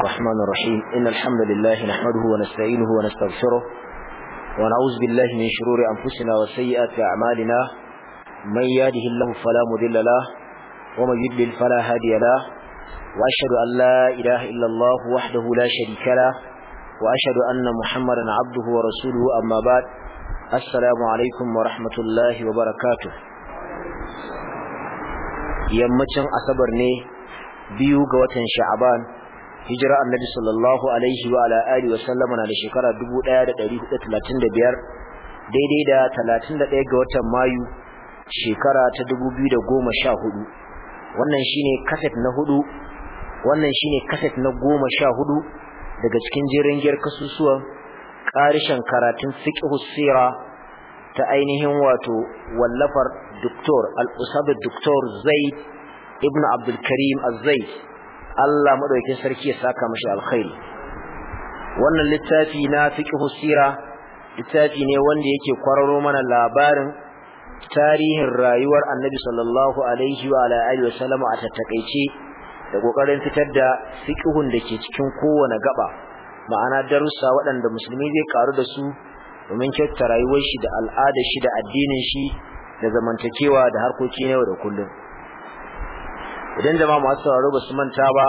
الرحمن الرحيم إن الحمد لله نحمده ونستعينه ونستغفره ونعوذ بالله من شرور أنفسنا وسيئات أعمالنا من يهده الله فلا مضل له ومن يضلل فلا هادي له وأشهد أن لا إله إلا الله وحده لا شريك له وأشهد أن محمدا عبده ورسوله أما بعد السلام عليكم ورحمة الله وبركاته yammacin asabar ne biyu ga watan sha'aban hijira annabi sallallahu alaihi wa ala alihi wa sallama na da shekara 1435 daidai da 31 ga watan mayu shekara ta 2014 wannan shine kaset na hudu wannan shine kaset na 14 daga cikin jerin jeringiyar kasusuwan karishan karatun fiqhus sira ta ainihin wato wallafar doktor al-usab doktor zaid ibn abdul karim az-zaid Allah madaukakin sarki ya saka mashi alkhairi wannan littafi na fiqhu sira littafi ne wanda yake kwararo mana labarin tarihin rayuwar Annabi sallallahu alaihi wa ala alihi wasallam a tattakaice da kokarin fitar da fiqhun da ke cikin kowane gaba ma'ana darussa waɗanda musulmi zai karu da su domin kyauta rayuwar shi da al'adar shi da addinin shi da zamantakewa da harkoki na da kullum idan jama masu sauraro ba su manta ba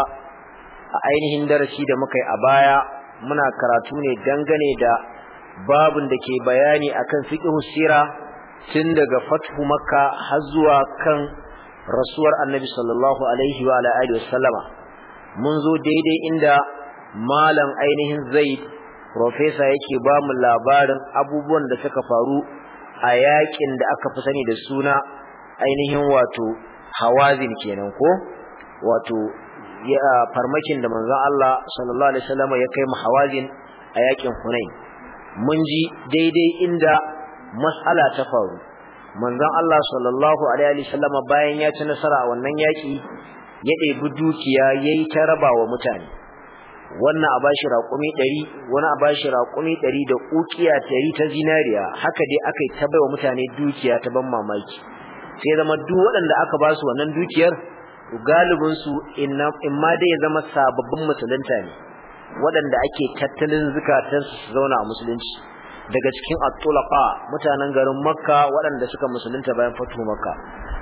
a ainihin darasi da muka yi a baya muna karatu ne dangane da babun da ke bayani akan fiqhu sira tun daga fathu makka har zuwa kan rasuwar annabi sallallahu alaihi wa ala wasallama mun zo daidai inda malam ainihin zaid profesa yake ba mu labarin abubuwan da suka faru a yakin da aka fi sani da suna ainihin wato hawazin kenan ko wato farmakin da manzon Allah sallallahu alaihi wasallam ya kai mu hawazin a yakin Hunain mun ji daidai inda mas'ala ta faru manzon Allah sallallahu alaihi wasallam bayan ya ci nasara a wannan yaki ya ɗebi dukiya yayi ta wa mutane wannan a bashi raƙumi ɗari wani a bashi 100 da ukiya 100 ta zinariya haka dai aka yi ta wa mutane dukiya ta ban mamaki sai zama duk waɗanda aka ba su wannan dukiyar galibin su ma dai ya zama sababbin musulunta ne waɗanda ake tattalin zukatan su zauna a musulunci daga cikin at-tulaqa mutanen garin makka waɗanda suka musulunta bayan fatu makka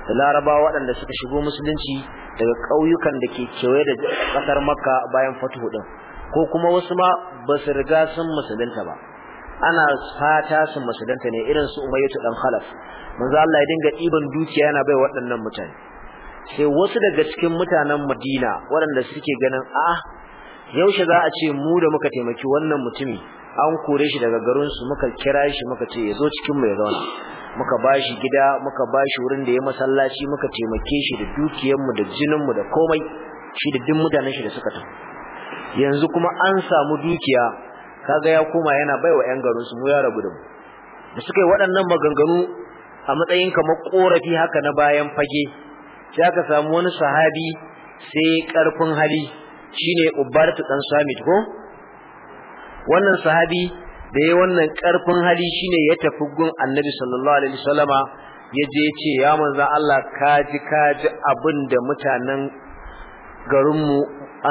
da larabawa waɗanda suka shigo musulunci daga ƙauyukan da ke kewaye da ƙasar makka bayan fatu din ko kuma wasu ma ba su riga sun musulunta ba ana fata su musulunta ne irin su umayyatu dan khalaf manzo Allah ya dinga ɗiban dukiya yana bai waɗannan mutane sai wasu daga cikin mutanen Madina waɗanda suke ganin a ah, yaushe za a ce mu da muka taimaki wannan mutumi an kore shi daga garin su muka kira shi muka ce ya zo cikin mu ya zauna muka bashi gida muka bashi wurin da ya masallaci muka taimake shi da dukiyar mu da jinin mu da komai shi da dukkan mutanen shi da suka ta yanzu kuma an samu dukiya kaga ya koma yana baiwa ƴan garin su mu ya rabu da mu suka yi waɗannan maganganu a matsayin kamar korafi haka na bayan fage sai aka samu wani sahabi sai karfin hali shine Ubaratu dan Samit ko wannan sahabi da yayi wannan ƙarfin hali shine ya tafi gun Annabi sallallahu alaihi wasallama je ya ce ya manzo Allah ka ji kaji kaji da mutanen garinmu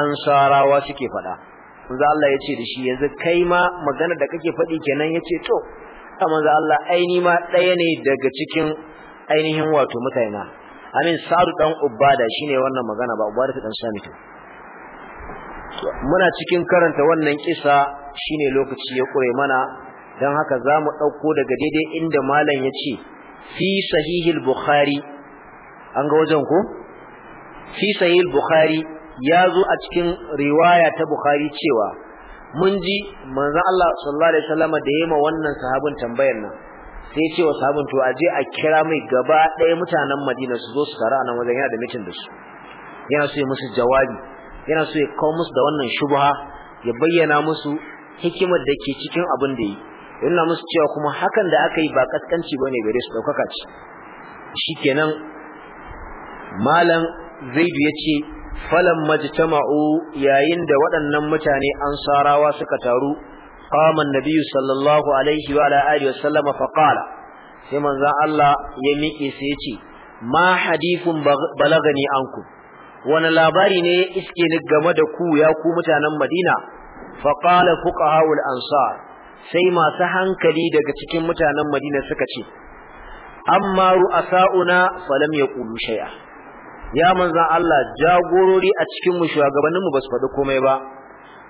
ansarawa suke faɗa manzo Allah ya ce da shi yanzu kai ma magana da kake faɗi kenan yace ce to manzo Allah aini ma ɗaya ne daga cikin ainihin wato mutaina amin sa'adu dan ubada shine wannan magana ba ubada ta dan to muna cikin karanta wannan kisa shine lokaci ya kure mana dan haka zamu dauko daga daidai inda malam yace ce fi sahihil bukhari an ga wajen ko fi sahihil bukhari ya zo a cikin riwaya ta bukhari cewa mun ji manzon Allah sallallahu alaihi wasallam da ya yema wannan sahabin tambayar nan sai ya ce wa sahabin to aje a kira mai gaba ɗaya mutanen Madina su zo su tare a nan wajen yana da mitin da su yana so ya musu jawabi yana so ya kawo musu da wannan shubha ya bayyana musu hikimar da ke cikin abin da yi yana musu cewa kuma hakan da aka yi ba kaskanci bane gare su ɗaukaka ce shikenan malam zaidu ya ce falan majtama'u yayin da waɗannan mutane ansarawa suka taru qama annabiyyu sallallahu alaihi wa ala alihi wasallama fa qala sai manzon Allah ya miƙe sai ya ce ma hadithun balagani anku wani labari ne iske ni game da ku ya ku mutanen Madina fa qala fuqaha'ul ansar sai masu hankali daga cikin mutanen Madina suka ce amma ru'asa'una falam yaqulu shay'a ya manzan Allah jagorori a cikin mu shugabannin mu basu faɗi komai ba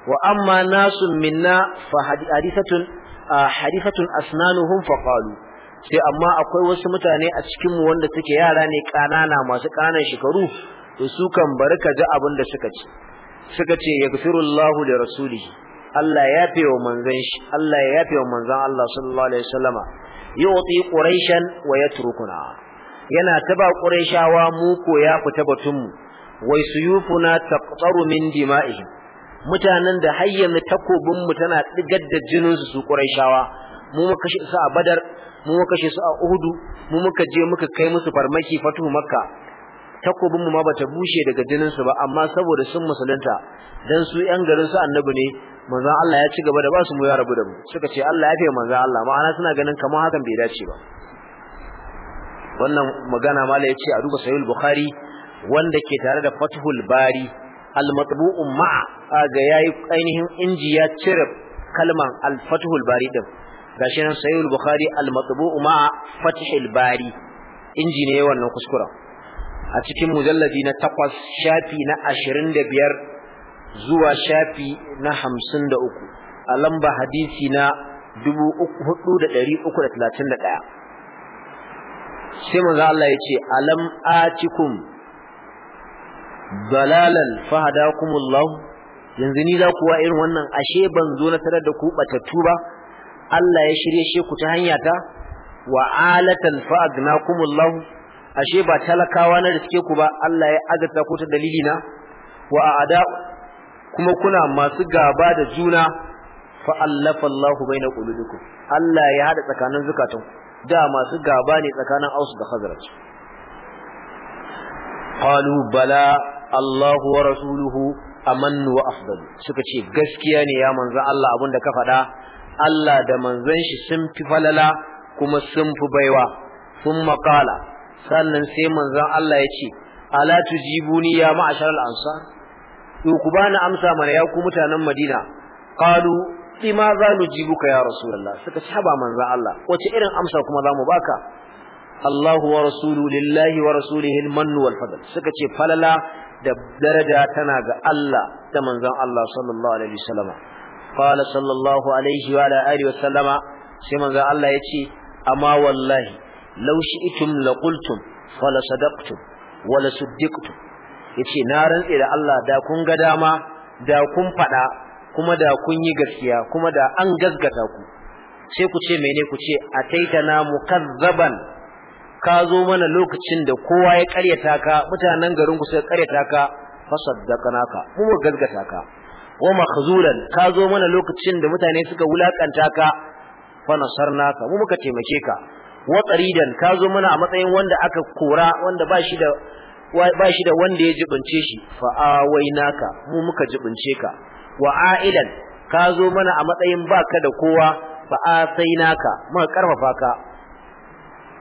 wa amma nasu minna fa hadithatun hadithatun asnanuhum fa qalu sai amma akwai wasu mutane a cikin mu wanda suke yara ne kanana masu kanan shekaru to su kan barka ji abin da suka ce suka ce yaghfirullahu li rasulihi Allah ya yafe wa manzan shi Allah ya fi wa manzan Allah sallallahu alaihi wasallama yu'ti quraishan wa yatrukuna yana taba qurayshawa mu ko ya fita batun mu wai suyufuna taqtaru min dima'ihim mutanen da har yanzu takobin mu tana digar da jinin su su qurayshawa mu muka kashe su a badar mu muka kashe su a uhudu mu muka je muka kai musu farmaki fatu makka takobin mu ma bata bushe daga jinin su ba amma saboda sun musulunta dan su yan garin su annabi ne manzo Allah ya ci gaba da ba su mu ya rabu da mu suka ce Allah ya fi manzo Allah ma'ana suna ganin kamar hakan bai dace ba wannan magana mala yace a duba sahih bukhari wanda ke tare da fathul bari al matbu'u ma'a kaga yayi ainihin inji ya cire kalman al fathul bari din gashi nan sahih bukhari al matbu'u ma'a fathul bari inji ne wannan kuskuren a cikin mujalladi na 8 shafi na 25 zuwa shafi na 53 a lamba hadisi na 4331 sai manzo Allah ya ce alam atikum dalalan fahadakumullah yanzu ni za kuwa irin wannan ashe ban zo na tarar da ku batattu ba Allah ya shirye shi ku ta hanya ta wa alatan fa'agnakumullah ashe ba talakawa na riske ku ba Allah ya azata ku ta dalili na wa aada kuma kuna masu gaba da juna fa allafa Allah baina qulubikum Allah ya hada tsakanin zukatanku da masu gaba ne tsakanin Aus da Khazraj qalu bala Allahu wa rasuluhu amannu wa afdal suka ce gaskiya ne ya manzo Allah abinda ka faɗa Allah da manzon shi sun fi falala kuma sun fi baiwa sun maƙala sannan sai manzon Allah ya ce ala tujibuni ya ma'ashar al-ansar ku bani amsa mana ya ku mutanen Madina qalu bima za mu nujibuka ya rasulullah suka ci haba manzo Allah wace irin amsa kuma zamu baka Allahu wa rasulu lillahi wa rasulihi al-mann wal fadl suka ce falala da daraja tana ga Allah da manzon Allah sallallahu alaihi wasallam qala sallallahu alaihi wa ala alihi wasallama sai manzon Allah yace amma wallahi law shi'tum la qultum fala sadaqtum wala suddaqtum yace na rantsi da Allah da kun ga dama da kun fada kuma da kun yi gaskiya kuma da an gaskata ku sai ku ce mene ku ce ataitana mukazzaban ka zo mana lokacin da kowa ya karyata ka mutanen garin ku suka karyata ka fasaddaqnaka mu gaskata ka wa makhzulan ka zo mana lokacin da mutane suka wulakanta ka fa ka mu muka taimake ka wa tsaridan ka zo mana a matsayin wanda aka kora wanda ba shi da ba shi da wanda ya jibince shi fa awainaka mu muka jibince ka wa ailan ka zo mana a matsayin baka da kowa fa asainaka muka karfafa ka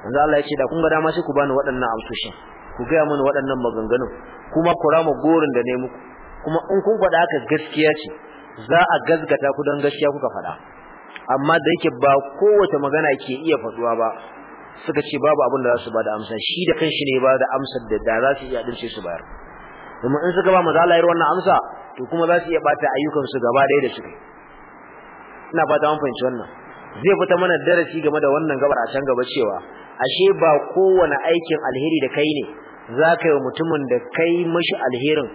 manzo Allah ya da kun ga dama shi ku bani waɗannan amsoshin ku ga mana waɗannan maganganun kuma ku rama gorin da ne muku kuma in kun faɗa haka gaskiya ce za a gazgata ku dan gaskiya kuka faɗa amma da yake ba kowace magana ke iya faɗuwa ba suka ce babu abin da za su bada amsa shi da kanshi ne ba da amsar da za su iya dince su bayar domin in suka ba manzo wannan amsa to kuma za su iya bata ayyukansu gaba ɗaya da suke ina fata mun fahimci wannan zai fita mana darasi game da wannan gabar a can gaba cewa ashe ba kowane aikin alheri da kai ne za ka yi mutumin da kai mashi alherin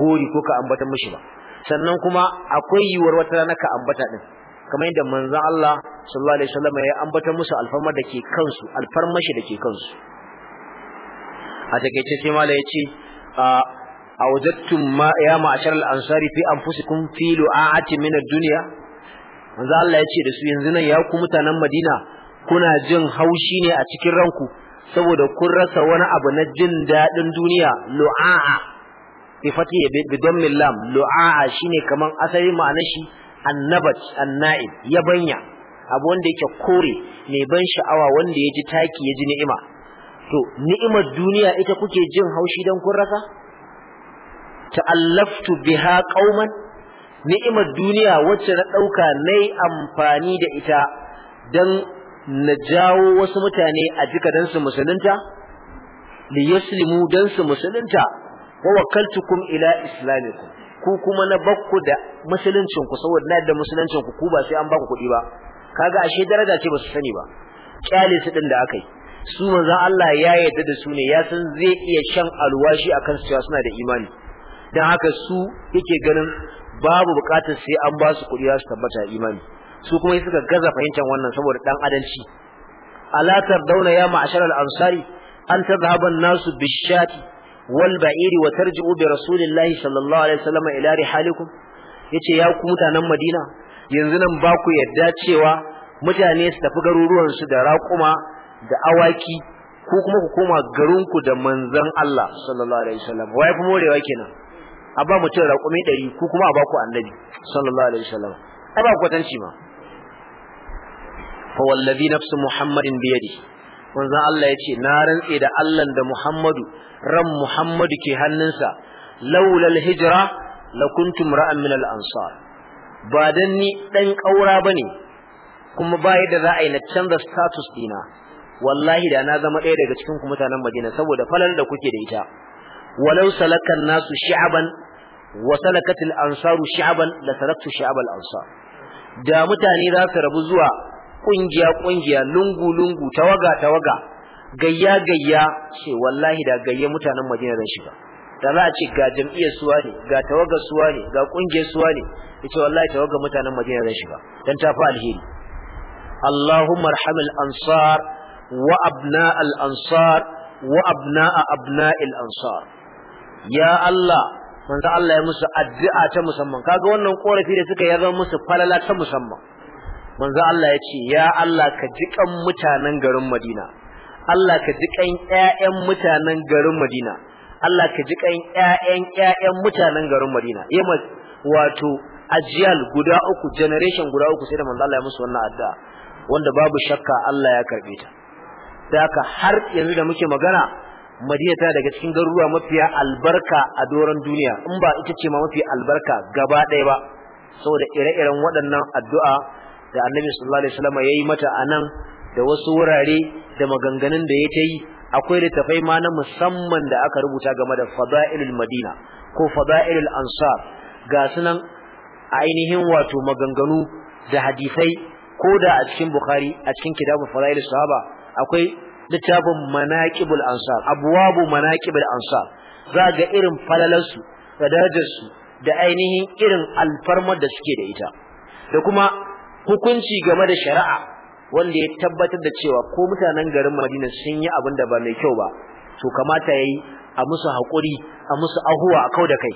gori ko ka ambata mashi ba sannan kuma akwai yiwuwar wata rana ka ambata din kamar yadda manzon Allah sallallahu alaihi wasallam ya ambata musu alfarmar da ke kansu alfarmashi da ke kansu a sai awajattum ma ya ma'ashar ansari fi anfusikum fi lu'atin min ad-dunya manzo Allah yace da su yanzu nan ya ku mutanen Madina kuna jin haushi ne a cikin ranku saboda kun rasa wani abu na jin dadin duniya lu'a'a fi fati bi lam lu'a'a shine kaman asali ma'ana shi annabat annaib yabanya abu wanda yake kore mai ban sha'awa wanda ya ji taki ya ji ni'ima to ni'imar duniya ita kuke jin haushi dan kun rasa ta'allaftu biha qauman ni'imar duniya wacce na dauka nayi amfani da ita dan na jawo wasu mutane a jika dan su musulunta li yaslimu dan su musulunta wa wakaltukum ila islamikum ku kuma na bakku da musuluncin ku saboda na da musuluncin ku ku ba sai an baku kuɗi ba kaga ashe daraja ce ba su sani ba kyale su din da aka su manzon Allah ya yarda da su ne ya san zai iya shan alwashi akan su cewa suna da imani dan haka su yake ganin babu bukatar sai an ba su kuɗi za su tabbata imani su kuma suka gaza fahimtar wannan saboda dan adalci alatar dauna ya al ansari an tadhhabu an-nasu bishati wal ba'iri wa tarji'u bi rasulillahi sallallahu alaihi wasallam ila rihalikum yace ya ku mutanen Madina yanzu nan ba ku yadda cewa mutane su tafi garuruwan su da raƙuma da awaki ko kuma ku koma garinku da manzon Allah sallallahu alaihi wasallam wai kuma morewa kenan a ba mutum raƙumi ɗari ko kuma a ba ku annabi sallallahu alaihi wasallam A ba kwatanci ma fa wallazi nafsu muhammadin bi yadi allah ya ce na rantse da Allah da Muhammadu ran Muhammadu ke hannunsa laulal hijira la kuntum ra'an min al-ansar ba dan ni dan kaura bane kuma ba da za a yi na canza status dina wallahi da na zama ɗaya daga cikin ku mutanen Madina saboda falal da kuke da ita walau salakan nasu shi'aban wa salakatil ansaru shi'aban la taraktu shi'abal ansar da mutane za su rabu zuwa kungiya kungiya lungu lungu tawaga tawaga gayya gayya ce wallahi da gayya mutanen Madina zan shiga da za a ce ga jam'iyya suwa ne ga tawagar suwa ne ga kungiyar suwa ne yace wallahi tawagar mutanen Madina zan shiga dan ta fa alheri Allahumma arhamil ansar wa abna ansar wa abna abna'il ansar ya Allah manzo Allah ya musu addu'a ta musamman kaga wannan korafi da suka yi zama musu falala ta musamman manzo Allah ya ce ya Allah ka jikan mutanen garin Madina Allah ka jikan ƴaƴan mutanen garin Madina Allah ka jikan ƴaƴan ƴaƴan mutanen garin Madina yamma wato ajiyal guda uku generation guda uku sai da manzo Allah ya musu wannan addu'a wanda babu shakka Allah ya karbe ta da haka har yanzu da muke magana madina ta daga cikin garuruwa mafiya albarka a doron duniya in ba ita ce ma mafi albarka gaba ɗaya ba saboda ire-iren waɗannan addu'a da annabi sallallahu alaihi wasallam yayi mata a nan da wasu wurare da maganganun da ya yi akwai littafai ma na musamman da aka rubuta game da fada'ilul madina ko fada'ilul ansar ga sunan ainihin wato maganganu da hadisai ko da a cikin bukhari a cikin kitabul fada'ilus sahaba akwai littafin manaƙibul ansar abuwabu manaƙibul ansar za ga irin falalarsu da darajarsu da ainihin irin alfarmar da suke da ita da kuma hukunci game da shari'a wanda ya tabbatar da cewa ko mutanen garin Madina sun yi abin da ba mai kyau ba to kamata ya yi a musu haƙuri a musu ahuwa a kau da kai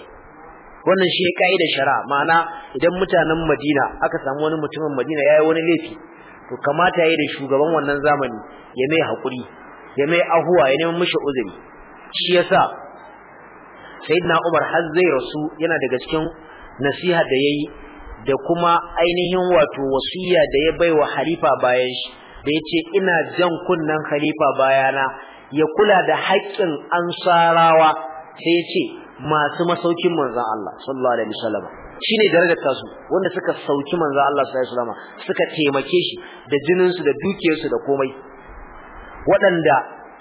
wannan shi ne kaidar shari'a ma'ana idan mutanen Madina aka samu wani mutumin Madina ya yi wani laifi to kamata yayi da shugaban wannan zamani ya mai hakuri ya mai ahuwa ya neman mishi uzuri shi yasa sayyidina Umar har zai rasu yana daga cikin nasiha da yayi da kuma ainihin wato wasiya da ya baiwa halifa bayan shi da yace ina jan kunnan halifa bayana ya kula da haƙƙin ansarawa sai yace masu masaukin manzon Allah sallallahu alaihi wasallam shine darajar tasu wanda suka sauki manzo Allah sallallahu alaihi wasallam suka taimake shi da jinin su da dukiyar su da komai waɗanda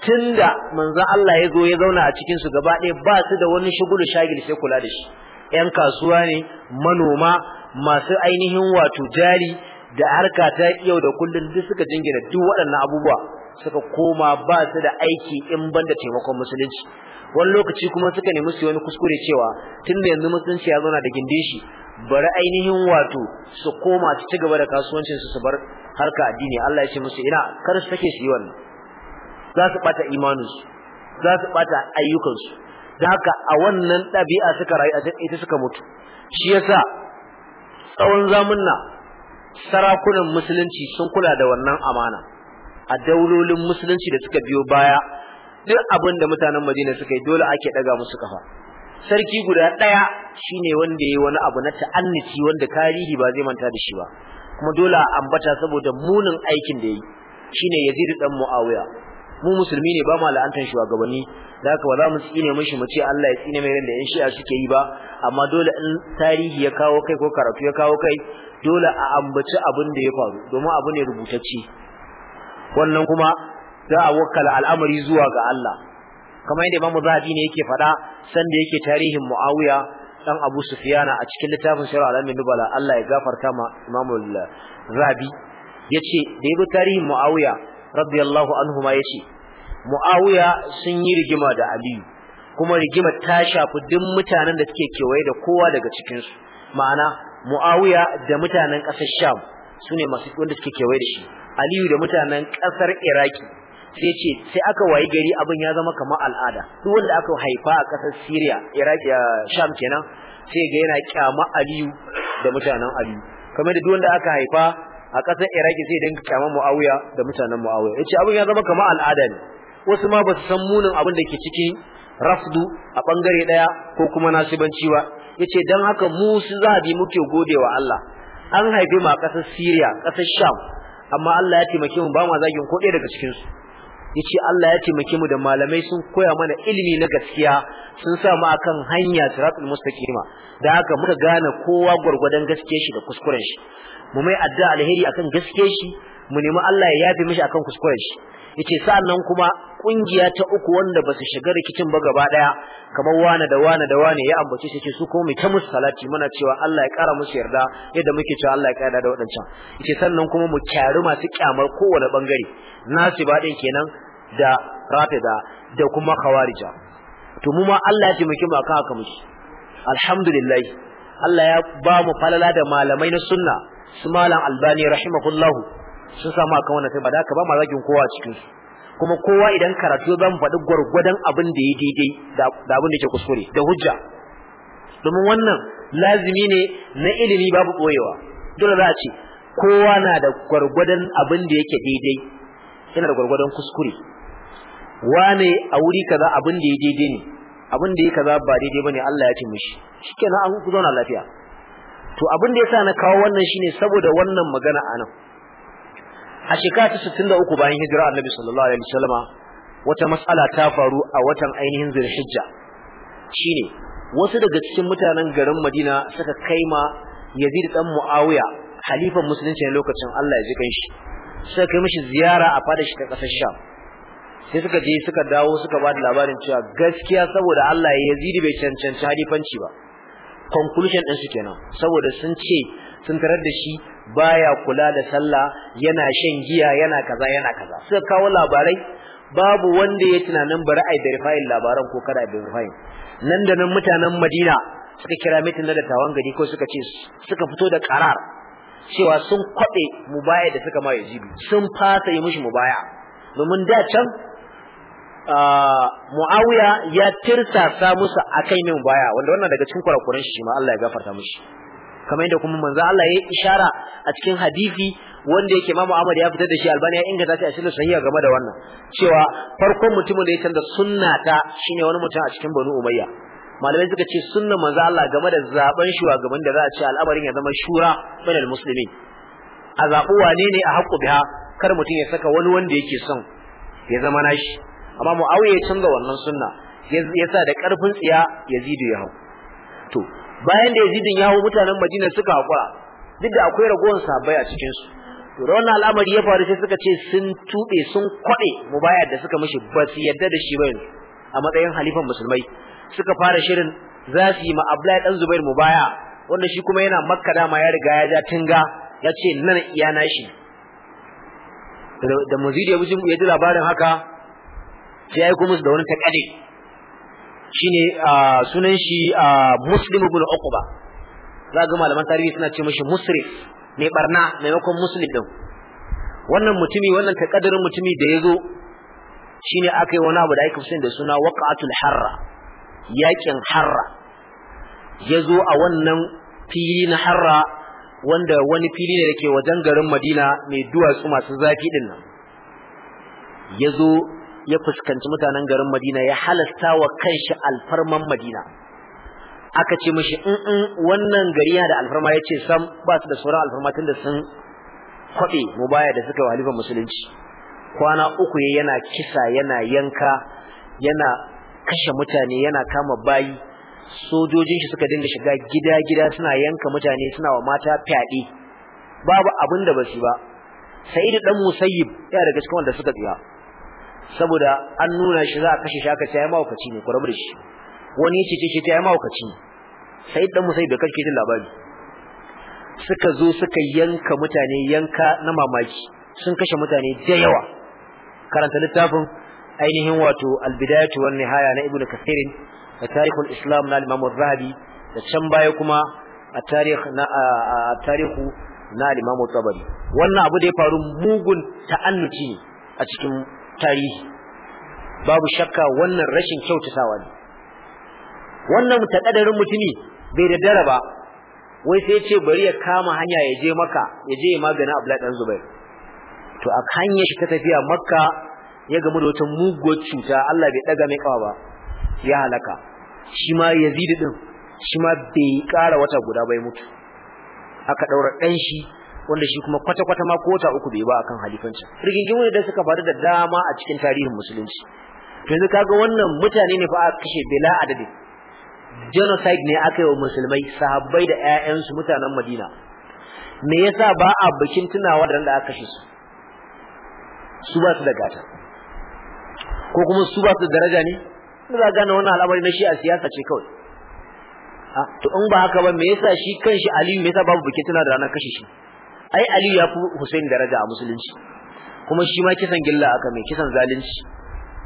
tunda manzo Allah ya zo ya zauna a cikin su gaba ɗaya ba su da wani shugulu shagil sai kula da shi ƴan kasuwa ne manoma masu ainihin wato jari da harka ta yau da kullun duk suka jingina duk waɗannan abubuwa suka koma ba su da aiki in banda taimakon musulunci wani lokaci kuma suka nemi su wani kuskure cewa tunda yanzu musulunci ya zauna da gindin shi bari ainihin wato su koma su ci gaba da kasuwancin su bar harka addini Allah ya ce musu ina kar su take su yi wannan za su bata imanin za su bata ayyukan su haka a wannan ɗabi'a suka rayu a ita suka mutu shi yasa tsawon zamunna sarakunan musulunci sun kula da wannan amana a daulolin musulunci da suka biyo baya duk abin da mutanen Madina suka yi dole ake daga musu kafa sarki guda daya shine wanda yayi wani abu na ta'annici wanda tarihi ba zai manta da shi ba kuma dole a ambata saboda munin aikin da yayi shine Yazid dan Muawiya mu musulmi ne ba mu la'antar shugabanni da haka ba za mu tsine mishi mu ce Allah ya tsine mai ran da yan shi'a suke yi ba amma dole in tarihi ya kawo kai ko karatu ya kawo kai dole a ambaci abin da ya faru domin abu ne rubutacce wannan kuma za a wakkala al'amari zuwa ga Allah kamar yadda Imam Zahabi ne yake faɗa sanda yake tarihin Muawiya dan Abu Sufyan a cikin littafin Sirr al-Alamin Nubala Allah ya gafarta ma Imam Zahabi yace da yabo tarihin Muawiya radiyallahu anhu ma yace Muawiya sun yi rigima da Aliyu kuma rigimar ta shafi duk mutanen da suke kewaye da kowa daga cikin su ma'ana Muawiya da mutanen ƙasar Sham sune masu wanda suke kewaye da shi Aliyu da mutanen ƙasar Iraki sai ce sai aka wayi gari abin ya zama kamar al'ada duk wanda aka haifa a ƙasar Syria Iraq Sham kenan sai ga yana kyama Aliyu da mutanen Aliyu kamar da duk wanda aka haifa a ƙasar Iraq sai dinga kyama Muawiya da mutanen Muawiya yace abin ya zama kamar al'ada ne wasu ma ba su san munin abin da ke cikin rafdu a bangare daya ko kuma nasibanci ba yace dan haka mu su bi muke godewa Allah an haife mu a ƙasar Syria ƙasar Sham amma Allah ya taimake mu ba mu zagin ko ɗaya daga cikin su yace Allah ya taimake mu da malamai sun koya mana ilimi na gaskiya sun sa mu akan hanya siratul mustaqima da haka muka gane kowa gurgurdan gaskiyar shi da kuskuren shi mu mai addu'a alheri akan gaskiyar shi mu nemi Allah ya yafe mishi akan kuskuren shi yace sa'annan kuma kungiya ta uku wanda basu shiga rikicin ba gaba daya kamar wane da wane da wane ya ambace shi yace su ko mu ta musu salati muna cewa Allah ya kara musu yarda yadda muke cewa Allah ya kaida da wadancan yace sannan kuma mu kyari masu kyamar kowane bangare nasi ba din kenan da rafida da kuma khawarija to mu ma Allah ya taimake mu akan haka muke alhamdulillah Allah ya ba mu falala da malamai na sunna su malam albani rahimahullahu sun samu akan wannan sai ba da ka ba ma zagin kowa a cikin su kuma kowa idan karatu zan faɗi gwargwadon abin da ya daidai da abin da yake kuskure da hujja domin wannan lazimi ne na ilimi babu ɓoyewa dole za a ce kowa na da gwargwadon abin da yake daidai yana da gwargwadon kuskure wane a wuri kaza abin da ya daidai ne abin da ya kaza ba daidai bane Allah ya ce mishi shikenan an ku zauna lafiya to abin da yasa na kawo wannan shine saboda wannan magana anan a shekara ta 63 bayan hijira annabi sallallahu alaihi wasallama wata matsala ta faru a watan ainihin zulhijja shine wasu daga cikin mutanen garin Madina suka kaima Yazid dan Muawiya halifan musulunci ne lokacin Allah ya ji kanshi suka kai mishi ziyara a fada shi ta kasar Sham sai suka je suka dawo suka ba da labarin cewa gaskiya saboda Allah ya Yazid bai cancanci halifanci ba conclusion din su kenan saboda sun ce sun tarar da shi baya kula da sallah yana shan giya yana kaza yana kaza suka kawo labarai babu wanda ya tunanin bari ai fayin labaran ko kada verifying nan da nan mutanen Madina suka kira mitin na dattawan gari ko suka ce suka fito da karar cewa sun kwabe mubaya da suka ma yazidu sun fasa yi mishi mubaya domin da can Muawiya ya tirsasa musu akai min baya wanda wannan daga cikin kurakuran shi ma Allah ya gafarta mishi kamar yadda kuma manzo Allah ya ishara a cikin hadisi wanda yake Imam Ahmad ya fitar da shi Albani ya inganta shi a cikin sahiha game da wannan cewa farkon mutumin da ya canza sunna ta shine wani mutum a cikin Banu Umayya malamai suka ce sunna manzo Allah game da zaben shugaban da za a ce al'amarin ya zama shura bainal muslimin a zaɓi wane ne a haƙƙo biha kar mutum ya saka wani wanda yake son ya zama nashi amma mu ya canza wannan sunna yasa da ƙarfin tsiya Yazidu ya hau to bayan da yazidin ya hau mutanen madina suka haƙura duk da akwai ragowar sahabbai a cikin su to da wannan al'amari ya faru sai suka ce sun tube sun kwaɗe mubaya da suka mishi ba su yadda da shi ba a matsayin halifan musulmai suka fara shirin za su yi ma Abdullahi dan Zubair mubaya wanda shi kuma yana Makka dama ya riga ya ja tinga ya ce nan iya nashi da Muzidi ya ji labarin haka sai ya yi kuma da wani takade shine sunan shi Muslim ibn Uqba za ga malaman tarihi suna ce shi musri mai barna maimakon muslim din wannan mutumi wannan takaddarin mutumi da yazo shine akai wani abu da aka fi da suna waqatul harra yakin harra yazo a wannan fili na harra wanda wani fili ne dake wajen garin Madina mai duwatsu masu zafi din nan yazo ya fuskanci mutanen garin Madina ya halasta wa kanshi alfarman Madina aka ce mishi in mm, in mm, wannan gari yana da alfarma yace sam ba su da sauran alfarma tunda sun kwabe mubaya da suka walifa musulunci kwana uku yana kisa yana yanka yana kashe mutane yana kama bayi sojojin shi suka dinga shiga gida gida suna yanka mutane suna wa mata fyaɗe babu abin da basu ba sa'idu dan musayyib yana daga cikin wanda suka tsaya saboda an nuna shi za a kashe shi aka ce ai mahaukaci ne ku rabu da shi wani ya cece shi ta ai mahaukaci ne sai dan musai da kake jin labari suka zo suka yanka mutane yanka na mamaki sun kashe mutane da yawa karanta littafin ainihin wato al-bidayatu wan nihaya na ibnu kathir da tarihul islam na imam az-zahabi da can baya kuma a tarikh na a tarihu na imam tabari wannan abu da ya faru mugun ta'annuci a cikin tarihi babu shakka wannan rashin kyautatawa ne wannan takadarin mutumi bai da dare ba wai sai ya ce bari ya kama hanya ya je maka ya je ya magana Abdullahi dan Zubair to a hanyar shi ta tafiya Makka ya gamu da wata muguwar cuta Allah bai daga mai kawa ba ya halaka shi ma Yazid din shi ma bai kara wata guda bai mutu aka daura ɗanshi. wanda shi kuma kwata-kwata ma kota uku bai ba akan halifanci rigingimu ne da suka faru da dama a cikin tarihin musulunci to yanzu kaga wannan mutane ne fa aka kashe bila adadi genocide ne aka yi wa musulmai sahabbai da su mutanen Madina me yasa ba a bikin tunawa da da aka kashe su su ba su da gata ko kuma su ba su da daraja ne za gane wannan al'amari na shi a siyasa ce kawai ah, to in ba haka ba me yasa shi kanshi Aliyu me yasa babu bikin tunawa da ranar kashe shi ai Ali ya fi Hussein daraja a musulunci kuma shi ma kisan gilla aka mai kisan zalunci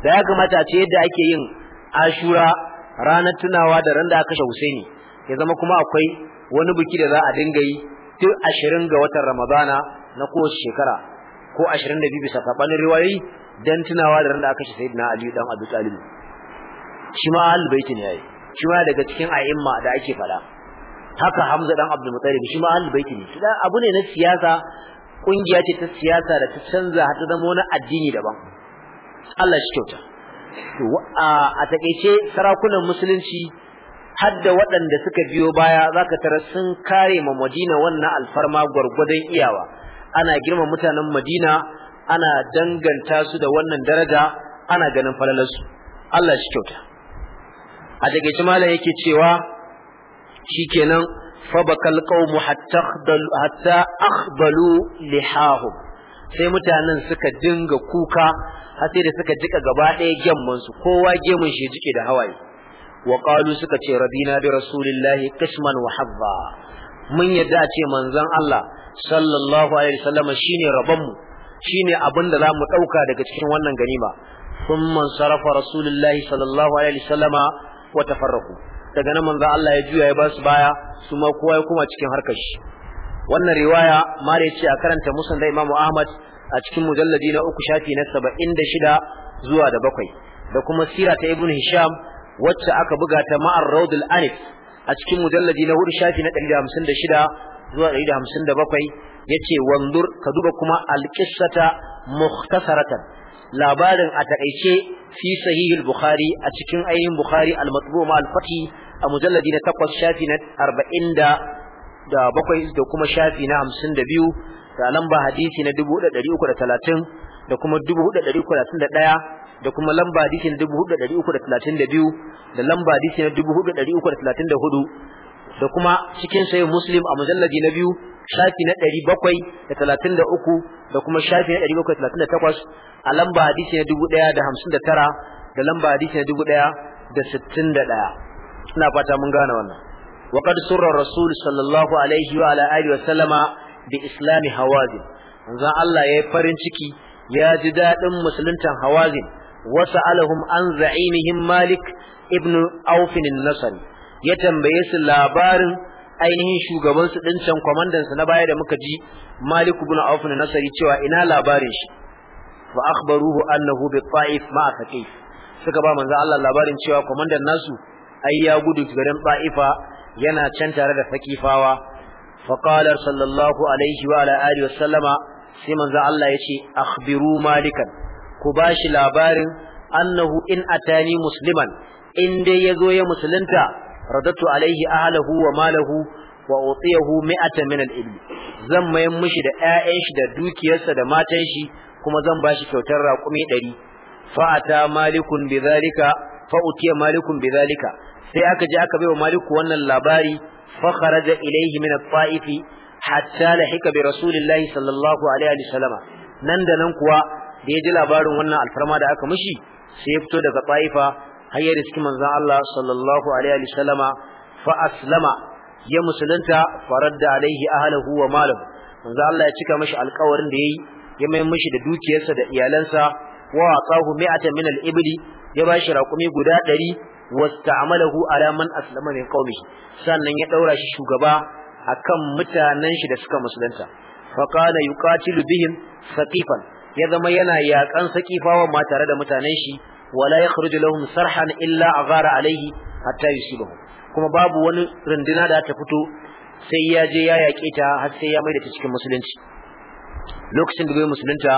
da ya kamata a ce yadda ake yin Ashura ranar tunawa da ran da aka kashe Husaini ya zama kuma akwai wani biki da za a dinga yi duk ashirin ga watan Ramadana na kowace shekara ko ashirin da biyu bisa saɓanin riwayoyi don tunawa da ran da aka kashe Sayyidina Ali dan Abu Talib shi ma Ahlul ne shi ma daga cikin a'imma da ake fada haka Hamza dan Abdul Muttalib shi ma ahli baiti ne da abu ne na siyasa kungiya ce ta siyasa da ta canza ta zama wani addini daban Allah shi kyauta to a takeice sarakunan musulunci hadda waɗanda suka biyo baya zaka tara sun kare ma Madina wannan alfarma gwargwadon iyawa ana girma mutanen Madina ana danganta su da wannan daraja ana ganin falalarsu Allah shi kyauta a takeice malam yake cewa shikenan fabakal qaumu hatta hatta akhbalu lihahum sai mutanen suka dinga kuka har sai da suka jika gaba ɗaya gemman su kowa gemun shi jike da hawaye wa qalu suka ce rabina bi rasulillahi qisman wa habba mun yadda a ce manzon Allah sallallahu alaihi wasallam shine rabanmu shine abin da zamu dauka daga cikin wannan ganima thumma sarafa rasulullahi sallallahu alaihi wasallama wa tafarraqu daga nan manzo Allah ya juya ya ba su baya su ma kowa ya koma cikin harkar shi wannan riwaya mare ce a karanta musan da Imam Ahmad a cikin mujalladi na uku shafi na 76 zuwa da bakwai da kuma sira ta Ibn Hisham wacce aka buga ta ma'ar Rawdul Anif a cikin mujalladi na hudu shafi na 156 zuwa 157 yace wandur ka duba kuma al-qissata mukhtasaratan labarin a takaice fi sahihul bukhari a cikin ainihin bukhari al-matbu ma al a mujalladi na 8 shafi na 40 da da bakwai da kuma shafi na 52 da lamba hadisi na 1330 da kuma 4331 da kuma lamba hadisi na 4332 da lamba hadisi na 4334 da kuma cikin sahih muslim a mujalladi na biyu shafi na 733 da kuma shafi na 738 a lamba hadisi na 1059 da lamba hadisi na 1061 ina fata mun gane wannan wa qad surra rasul sallallahu alaihi wa ala alihi wa sallama bi islami hawazin manzo Allah yayi farin ciki ya ji dadin musuluntan hawazin wa sa'alahum an za'inihim malik ibn auf an-nasri ya tambaye su labarin ainihin shugaban su din can su na baya da muka ji Malik ibn Auf na Nasari cewa ina labarin shi fa akhbaruhu annahu bi Taif ma Thaqif suka ba manzo Allah labarin cewa kwamandan nasu ai ya gudu garin Taifa yana can tare da sakifawa fa qala sallallahu alaihi wa ala alihi wasallama sai manzo Allah yace akhbiru malikan ku bashi labarin annahu in atani musliman in dai yazo ya musulunta radatu alaihi ahlahu wa malahu wa utiyahu mi'atan min al zan mayan mishi da 'ya'yanshi da dukiyarsa da matan shi kuma zan bashi kyautar raƙumi ɗari. fa ata malikun bidhalika fa malikun bidhalika sai aka je aka bai wa maliku wannan labari fa kharaja ilayhi min at-ta'if hatta lahika bi rasulillahi sallallahu alaihi wasallam nan da nan kuwa da ya ji labarin wannan alfarma da aka mishi sai ya fito daga ta'ifa har ya riski manzon Allah sallallahu alaihi wa sallama fa aslama ya musulunta faradda alaihi ahlihi wa malahu manzon Allah ya cika mashi alƙawarin da yayi ya mai mashi da dukiyarsa da iyalansa wa atahu mi'ata min al-ibli ya bashi raƙumi guda 100 wasta'amalahu ala man aslama min qaumihi sannan ya daura shi shugaba akan mutanen shi da suka musulunta fa qala yuqatilu bihim saqifan ya zama yana yakan saqifawa ma tare da mutanen shi wala ya yakhruju lahum sarhan illa aghara alaihi hatta yusibahu kuma babu wani runduna da ta fito sai ya je ya yaƙe ta har sai ya maida ta cikin musulunci lokacin da bai musulunta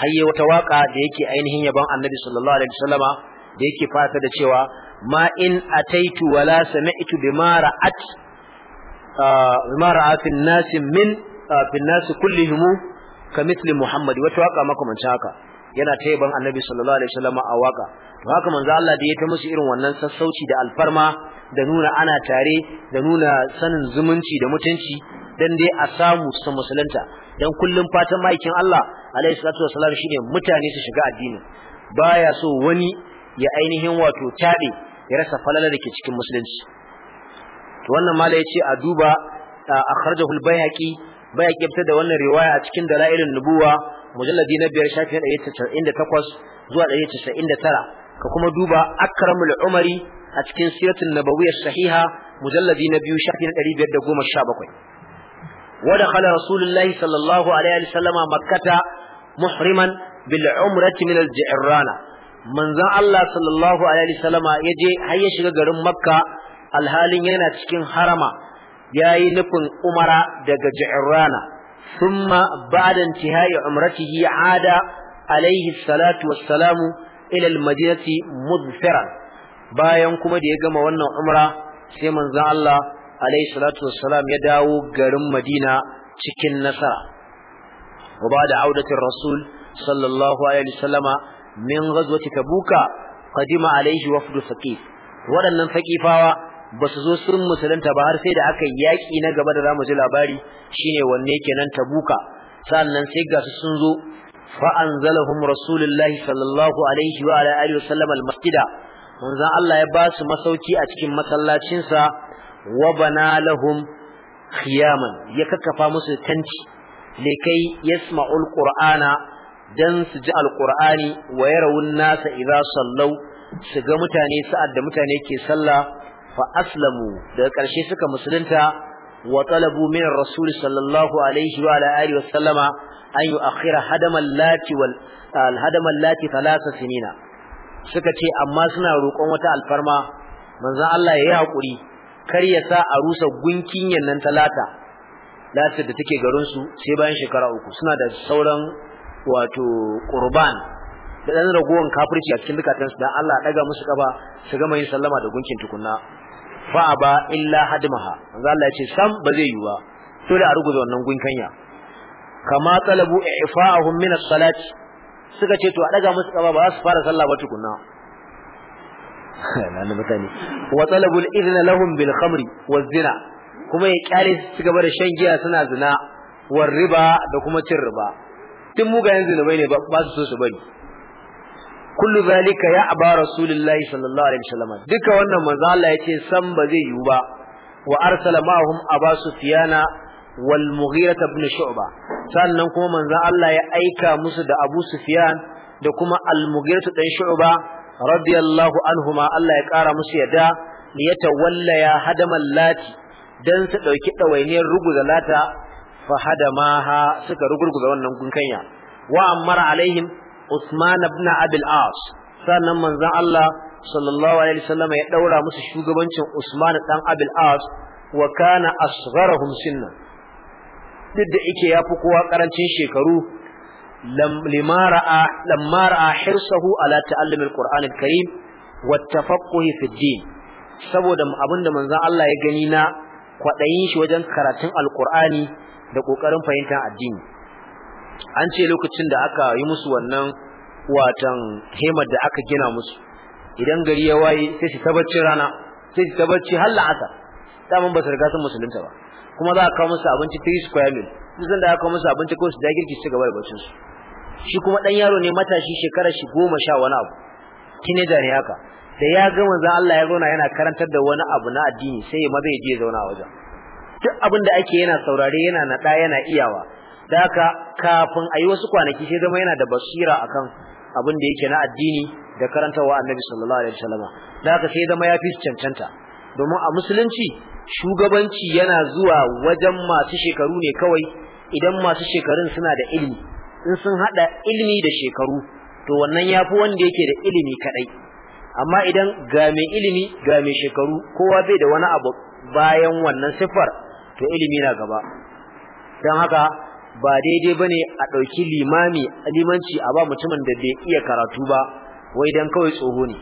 har yayi wata waka da yake ainihin yaban Annabi sallallahu alaihi wasallama da yake fata da cewa ma in ataitu wala sami'tu bima ra'at bima ra'a fil nas ka mithli Muhammad wata waka makamancin haka yana ta annabi sallallahu alaihi wasallam a waka to haka manzo Allah da ya ta musu irin wannan sassauci da alfarma da nuna ana tare da nuna sanin zumunci da mutunci dan dai a samu su musulunta dan kullum fatan maikin Allah alaihi salatu wasallam shine mutane su shiga addini baya so wani ya ainihin wato tabe ya rasa falala da ke cikin musulunci to wannan mala yace a duba akhrajahu albayhaqi bayhaqi fitar da wannan riwaya a cikin dalailun nubuwa mujalladi na biyar shafi 198 zuwa 199 ka kuma duba akramul umari a cikin siyatun nabawiyyah sahiha mujalladi na biyu shafi wa dakhala rasulullahi sallallahu alaihi wasallama makkata muhriman bil umrati min al jirana manzon Allah sallallahu alaihi wasallama yaje har ya shiga garin makka alhalin yana cikin harama yayi nufin umara daga jirana ثم بعد انتهاء عمرته عاد عليه الصلاة والسلام إلى المدينة مذفرا bayan kuma da ya gama wannan umra sai manzon Allah alaihi salatu wassalam ya dawo garin Madina cikin nasara wa ba'da audatir rasul sallallahu alaihi wasallama min ghazwati tabuka qadima alaihi wafdu faqih waɗannan faqifawa ba su zo sun musulunta ba har sai da aka yaƙi na gaba da zamu ji labari shine wanne kenan tabuka sannan sai ga su sun zo fa anzalahum rasulullahi sallallahu alaihi wa ala alihi wasallam manzon Allah ya ba su masauki a cikin masallacin sa wa bana lahum khiyaman ya kakkafa musu tanti Kai yasma'ul qur'ana dan su ji alqur'ani wa yarawun nasa idza sallau su ga mutane sa'ad da mutane ke sallah fa aslamu daga ƙarshe suka musulunta wa talabu min rasul sallallahu alaihi wa ala alihi wasallama an yu'akhira hadamal lati wal hadamal lati thalatha sinina suka ce amma suna roƙon wata alfarma manzon Allah yayi hakuri kar ya sa a rusa gunkin yannan talata lati da take garin su sai bayan shekara uku suna da sauran wato qurban da dan ragowan kafirci a cikin dukatansu, dan Allah daga musu kafa su gama yin sallama da gunkin tukunna fa ba illa hadmaha manzo Allah sam ba zai yi ba to da a ruguza wannan gunkanya kama talabu ifa'ahum min as-salati suka ce to a daga musu kaba ba za su fara sallah ba tukunna nan mutane wa talabu al-idhna lahum bil khamri waz zina kuma ya kyale su gaba da shan giya suna zina war riba da kuma cin riba tun mugayen zinubai ne ba su so su bari kullu zalika ya aba rasulullahi sallallahu alaihi wasallam duka wannan manzo Allah yace san ba zai yiwu ba wa arsala ma'ahum aba sufyana wal mughira ibn shu'ba sannan kuma manzo Allah ya aika musu da abu sufyan da kuma al mughira dan shu'ba radiyallahu anhuma Allah ya kara musu yadda liyatawalla ya hadamal lati dan su dauki dawainiyar ruguza lata fa hadamaha suka rugurguza wannan gunkanya wa ammara alaihim Usman ibn Abil As sannan manzon Allah sallallahu alaihi wasallam ya daura musu shugabancin Usman dan Abil As wa kana asgharahum sinna duk da yake fi kowa karancin shekaru lamma ra'a hirsahu ala ta'allum al-Qur'an al-Karim wa tafaqquhi fi din saboda abinda manzon Allah ya gani na kwadayin shi wajen karatun al-Qur'ani da kokarin fahimtar addini an ce lokacin da aka yi musu wannan watan hemar da aka gina musu idan gari ya waye sai su tabbaci rana sai su tabbaci har la'asa daman ba su riga sun musulunta ba kuma za a kawo musu abinci three square meal sun da aka kawo musu abinci ko su da girki su gaba da bacin su shi kuma dan yaro ne matashi shekara shi goma sha wani abu teenager ne haka da ya ga manzo Allah ya zauna yana karantar da wani abu na addini sai ya maza ya je zauna a wajen duk abin da ake yana saurare yana nada yana iyawa da haka kafin a yi wasu kwanaki sai zama yana da basira akan abin da yake na addini da karantawa annabi sallallahu alaihi wasallam da haka sai zama ya fi cancanta domin a musulunci shugabanci yana zuwa wajen masu shekaru ne kawai idan masu shekarun suna da ilimi in sun hada ilimi da shekaru to wannan yafi wanda yake da ilimi kadai amma idan ga mai ilimi ga mai shekaru kowa bai da wani abu bayan wannan sifar to ilimi na gaba don haka ba daidai ne a ɗauki limami limanci a ba mutumin da bai iya karatu ba wai dan kawai tsoho ne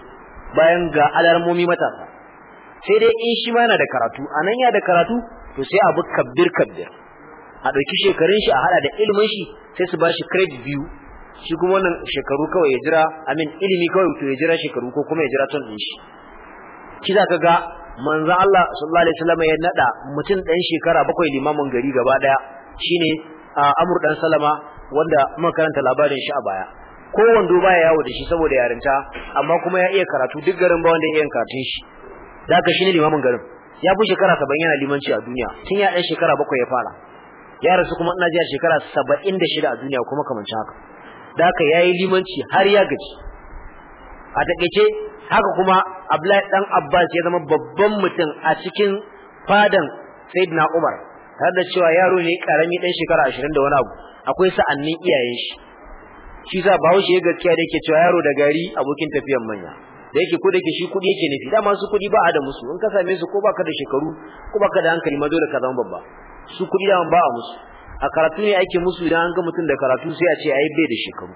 bayan ga alarmomi matasa sai dai in shi ma yana da karatu anan ya da karatu to sai abu kabbir kabbir a ɗauki shekarun shi a hada da ilimin shi sai su bashi credit biyu shi kuma wannan shekaru kawai ya jira amin ilimi kawai to ya jira shekaru ko kuma ya jira ton din shi shi zaka ga manzo Allah sallallahu alaihi wasallam ya nada mutum dan shekara bakwai limamin gari gaba daya shine Amr dan Salama wanda muka karanta labarin shi a baya ko wando baya yawo da shi saboda yarinta amma kuma ya iya karatu duk garin ba wanda yake iya karatun shi da haka shine limamin garin ya fi shekara 70 yana limanci a duniya tun ya dan shekara bakwai ya fara ya rasu kuma ina jiya shekara 76 a duniya kuma kaman haka da yayi limanci har ya gaji a takeice haka kuma Abdullahi dan Abbas ya zama babban mutum a cikin fadan Sayyidina Umar har da cewa yaro ne karami dan shekara 20 da wani abu akwai sa'annin iyayen shi shi sa bahaushe gaskiya da yake cewa yaro da gari abokin tafiyar manya da yake ko da shi kudi yake nufi dama su kudi ba a da musu in ka same su ko baka da shekaru ko baka da hankali ma dole ka zama babba su kudi dama ba a musu a karatu ne ake musu idan an ga mutum da karatu sai a ce ai bai da shekaru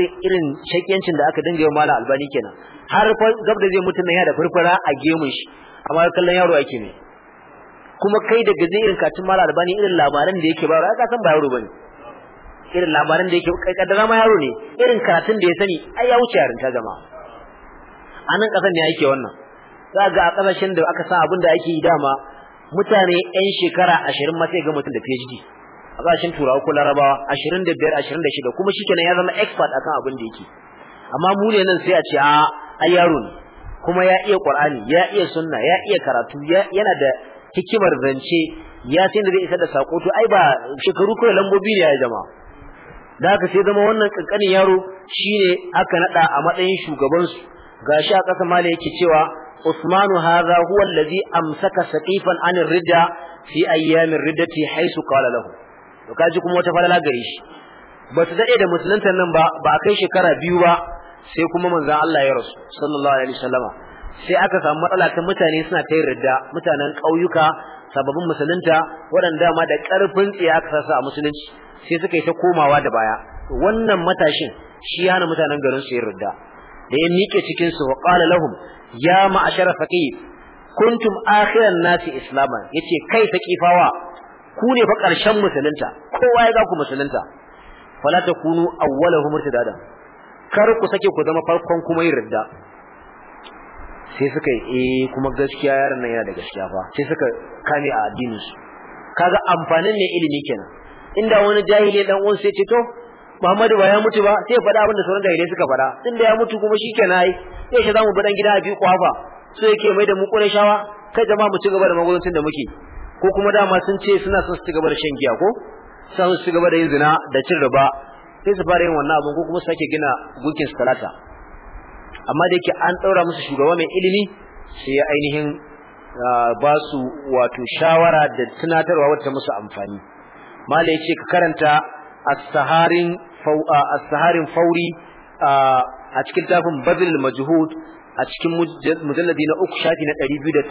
irin shakiyancin da aka dinga yi mala albani kenan har gab da zai mutum ya da farfara a gemun shi amma kallon yaro ake ne kuma kai daga zai irin kacin da bani irin labaran da yake bayarwa ka san ba yaro bane irin labaran da yake kai kadara ma yaro ne irin karatun da ya sani ai ya wuce yarinta jama'a anan kasan ne yake wannan za ga a kasashen da aka sa abin da ake yi dama mutane yan shekara 20 ma sai ga mutum da PhD a kasashen turawa ko larabawa 25 26 kuma shikenan ya zama expert akan abin da yake amma mu ne nan sai a ce a ai yaro ne kuma ya iya Qur'ani ya iya sunna ya iya karatu yana da hikimar zance ya sai da zai isa da sako to ai ba shekaru kawai lambobi ne ya zama. da haka sai zama wannan kankanin yaro shine aka nada a matsayin shugaban su gashi a kasa mala yake cewa Usmanu hadha huwa allazi amsaka saqifan an ridda fi ayyamir riddati haisu qala lahu to kaji kuma wata falala gare shi ba su dade da musulunta nan ba ba kai shekara biyu ba sai kuma manzon Allah ya rasu sallallahu alaihi wasallama sai aka samu matsala ta mutane suna ta ridda mutanen ƙauyuka sababbin musulunta waɗanda ma da ƙarfin tsiya aka sasa a musulunci sai suka yi ta komawa da baya wannan matashin shi yana mutanen garin su ridda da ya miƙe cikin su wa qala lahum ya ma'ashara faqih kuntum akhiran nasi islaman yace kai faqifawa ku ne fa ƙarshen musulunta kowa ya ga ku musulunta fala takunu awwalahum irtidada kar ku sake ku zama farkon kuma yin ridda sai suka yi eh, kuma gaskiya yaron nan yana da gaskiya fa sai suka kame a addinin su kaga amfanin ne ilimi kenan inda wani jahili dan uwan sai ce to Muhammadu ba ya mutu ba sai ya faɗa abin da sauran jahilai suka faɗa da ya mutu kuma shikenan ai sai shi zamu bi dan gida a bi kwafa so yake mai da mu shawa kai jama'a mu ci gaba da magudancin da muke ko kuma dama sun ce suna son su ci gaba da shan giya ko sun ci gaba da yin zina da cin riba sai su fara yin wannan abin ko kuma sake gina gukin salata amma da yake an daura musu shugaba mai ilimi sai ya ainihin ba su wato shawara da tunatarwa wacce musu amfani mallai yace ka karanta as-saharin fawa as-saharin fauri a cikin tafin bazil majhud a cikin mujalladi na uku shafi na 281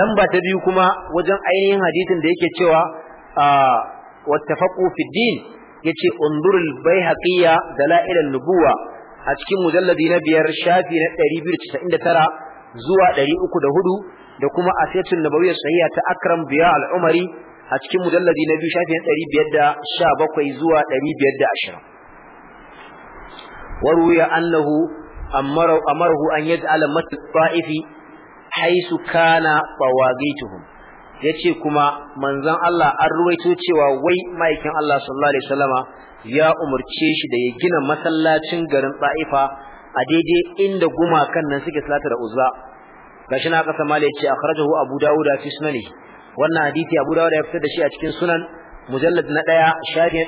lamba ta biyu kuma wajen ainihin hadisin da yake cewa wattafaqu fi din yace undurul bayhaqiyya dalailun nubuwa a cikin mujalladi na biyar shafi na 299 zuwa 304 da kuma asiyatun nabawiyya sahiha ta Akram Biya al-Umari a cikin mujalladi na biyu shafi na 517 zuwa 520 waruya annahu amara amarahu an yaj'ala masjid ta'ifi haisu kana Ya yace kuma manzon Allah an ruwaito cewa wai ma'aikin Allah sallallahu alaihi wasallama ya umurce shi da ya gina masallacin garin Taifa a daidai inda gumakan nan suke salata da Uzza gashi na kasa mala yace akhrajahu Abu Dawud fi sunani wannan hadisi Abu Dawud ya fitar da shi a cikin sunan mujallad na 1 shari'a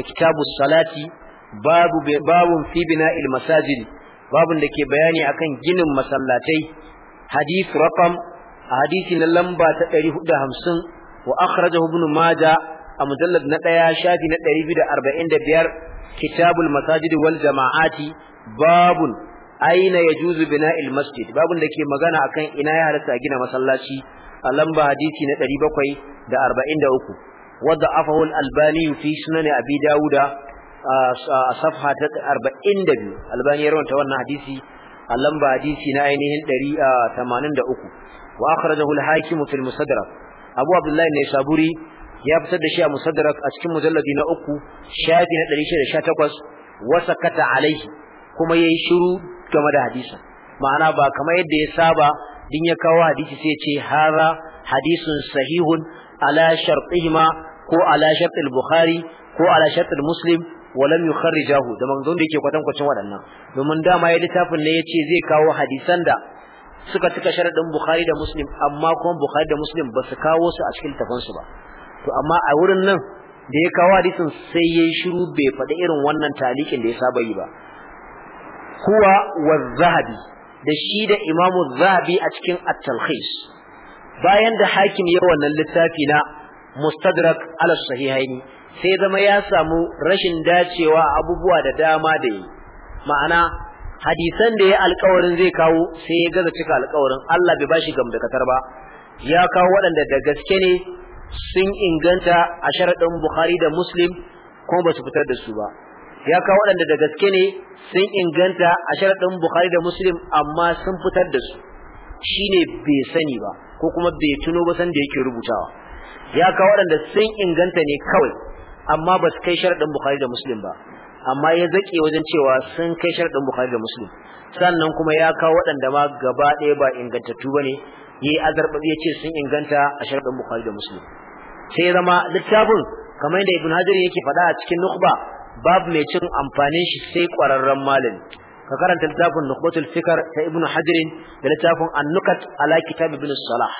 311 a kitabus salati babu babun fi bina'il masajid babun da ke bayani akan ginin masallatai hadith raqam hadisi na lamba ta 450 wa akhrajahu ibn majah a mujallad na ɗaya shafi na ɗari biyu da arba'in da biyar kitabul masajid wal jama'ati babun aina yajuzu bina'il masjid babun da ke magana akan ina ya halatta gina masallaci a lamba hadisi na ɗari bakwai da arba'in da uku wadda afahul albani fi sunan abi Dauda a safha ta arba'in da biyu albani ya rawanta wannan hadisi a lamba hadisi na ainihin ɗari tamanin da uku wa akhrajahu al-hakim fil musadrak abu abdullahi ne saburi ya fitar da shi a musaddarak a cikin mujalladi na uku shafi na 118 wa kata alaihi kuma yayi shiru game da hadisi ma'ana ba kamar yadda ya saba din ya kawo hadisi sai ce hara hadisun sahihun ala shartihima ko ala shartil bukhari ko ala shartil muslim walam yukharrijahu da manzon da yake kwatankwacin waɗannan domin dama ya littafin ne yace zai kawo hadisan da suka cika sharadin bukhari da muslim amma kuma bukhari da muslim ba su kawo su a cikin tafansu ba to amma a wurin nan da ya kawo hadisin sai yayi shiru bai faɗi irin wannan talikin da ya saba yi ba huwa wa zahabi da shi da imamu zahabi a cikin at bayan da hakim ya wannan littafi na mustadrak ala sahihaini sai zama ya samu rashin dacewa abubuwa da dama da yi ma'ana hadisan da ya alkawarin zai kawo sai ya gaza cika alkawarin Allah bai bashi katar ba ya kawo waɗanda da gaske ne sun inganta a sharaɗin Bukhari da Muslim kuma ba su fitar da su ba ya kawo waɗanda da gaske ne sun inganta a sharaɗin Bukhari da Muslim amma sun fitar da su shi ne bai sani ba ko kuma bai tuno ba san da yake rubutawa ya kawo waɗanda sun inganta ne kawai amma ba su kai sharaɗin Bukhari da Muslim ba amma ya zaƙe wajen cewa sun kai sharaɗin Bukhari da Muslim sannan kuma ya kawo waɗanda ma gaba ɗaya ba ingantattu ba ne. yi azarbabi ya ce sun inganta a sharaɗin Bukhari da Muslim sai zama littafin kamar yadda ibn hajar yake faɗa a cikin nukhba babu mai cin amfanin shi sai ƙwararren malami ka karanta littafin nukhbatul fikar ta ibn hajar da littafin annukat ala kitab ibn salah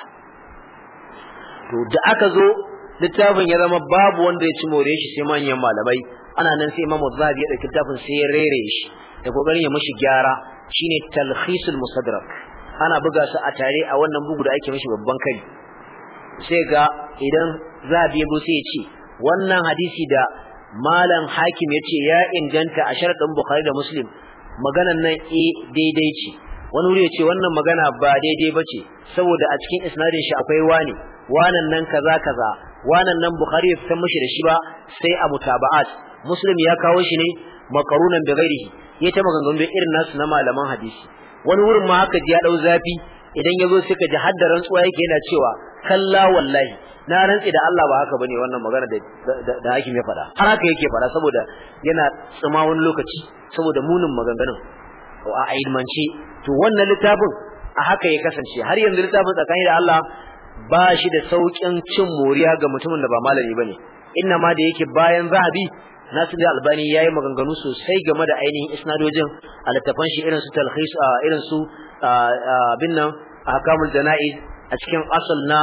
to da aka zo littafin ya zama babu wanda ya ci more shi sai manyan malamai ana nan sai imamu zahabi ya ɗauki littafin sai ya rere shi da kokarin ya mishi gyara shine talhisul musadrak ana buga su a tare a wannan bugu da ake mishi babban kai sai ga idan za a ya sai ya ce wannan hadisi da malam hakim ya ce ya inganta a sharɗin bukhari da muslim maganan nan e daidai ce wani wuri ya ce wannan magana ba daidai ba ce saboda a cikin isnadin shi akwai wani wanan nan kaza kaza wanan nan bukhari ya fitan mashi da shi ba sai a taba'at muslim ya kawo shi ne makarunan da gairihi ya ta maganganun da irin nasu na malaman hadisi wani wurin ma haka ji ya dau zafi idan ya zo sai ji har da rantsuwa yake yana cewa kalla wallahi na rantsi da Allah ba haka bane wannan magana da da hakim ya faɗa har haka yake faɗa saboda yana tsima wani lokaci saboda munin maganganun a aidmanci to wannan littafin a haka ya kasance har yanzu littafin tsakani da Allah ba shi da saukin cin moriya ga mutumin da ba malami bane inna ma da yake bayan zahabi Nasiru Albani yayi maganganu sosai game da ainihin isnadojin a littafan shi irin su talhis irin su binnan ahkamul janaiz a cikin asal na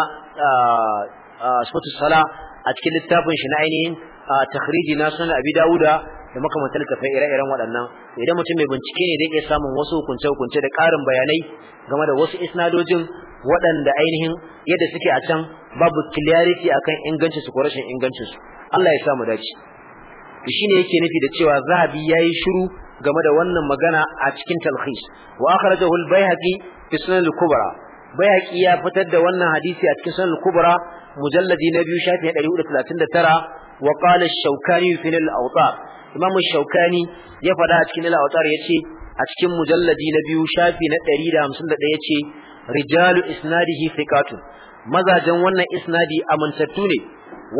sifatu sala a cikin littafin shi na ainihin takhriji na sunan abi Dawuda da makamantar littafai ire-iren waɗannan idan mutum mai bincike ne zai iya samun wasu hukunce-hukunce da ƙarin bayanai game da wasu isnadojin waɗanda ainihin yadda suke a can babu clarity akan ingancin su ko rashin ingancin su Allah ya sa mu dace to shine yake nufi da cewa zahabi yayi shiru game da wannan magana a cikin talkhis wa akhrajahu al-baihaqi fi sunan al-kubra bayaki ya fitar da wannan hadisi a cikin sunan kubra mujalladi na biyu shafi 439 wa qala ash-shawkani fi al-awtar imam ash-shawkani ya fada a cikin al-awtar yace a cikin mujalladi na biyu shafi na 151 yace rijalu isnadihi thiqatun mazajen wannan isnadi amintattu ne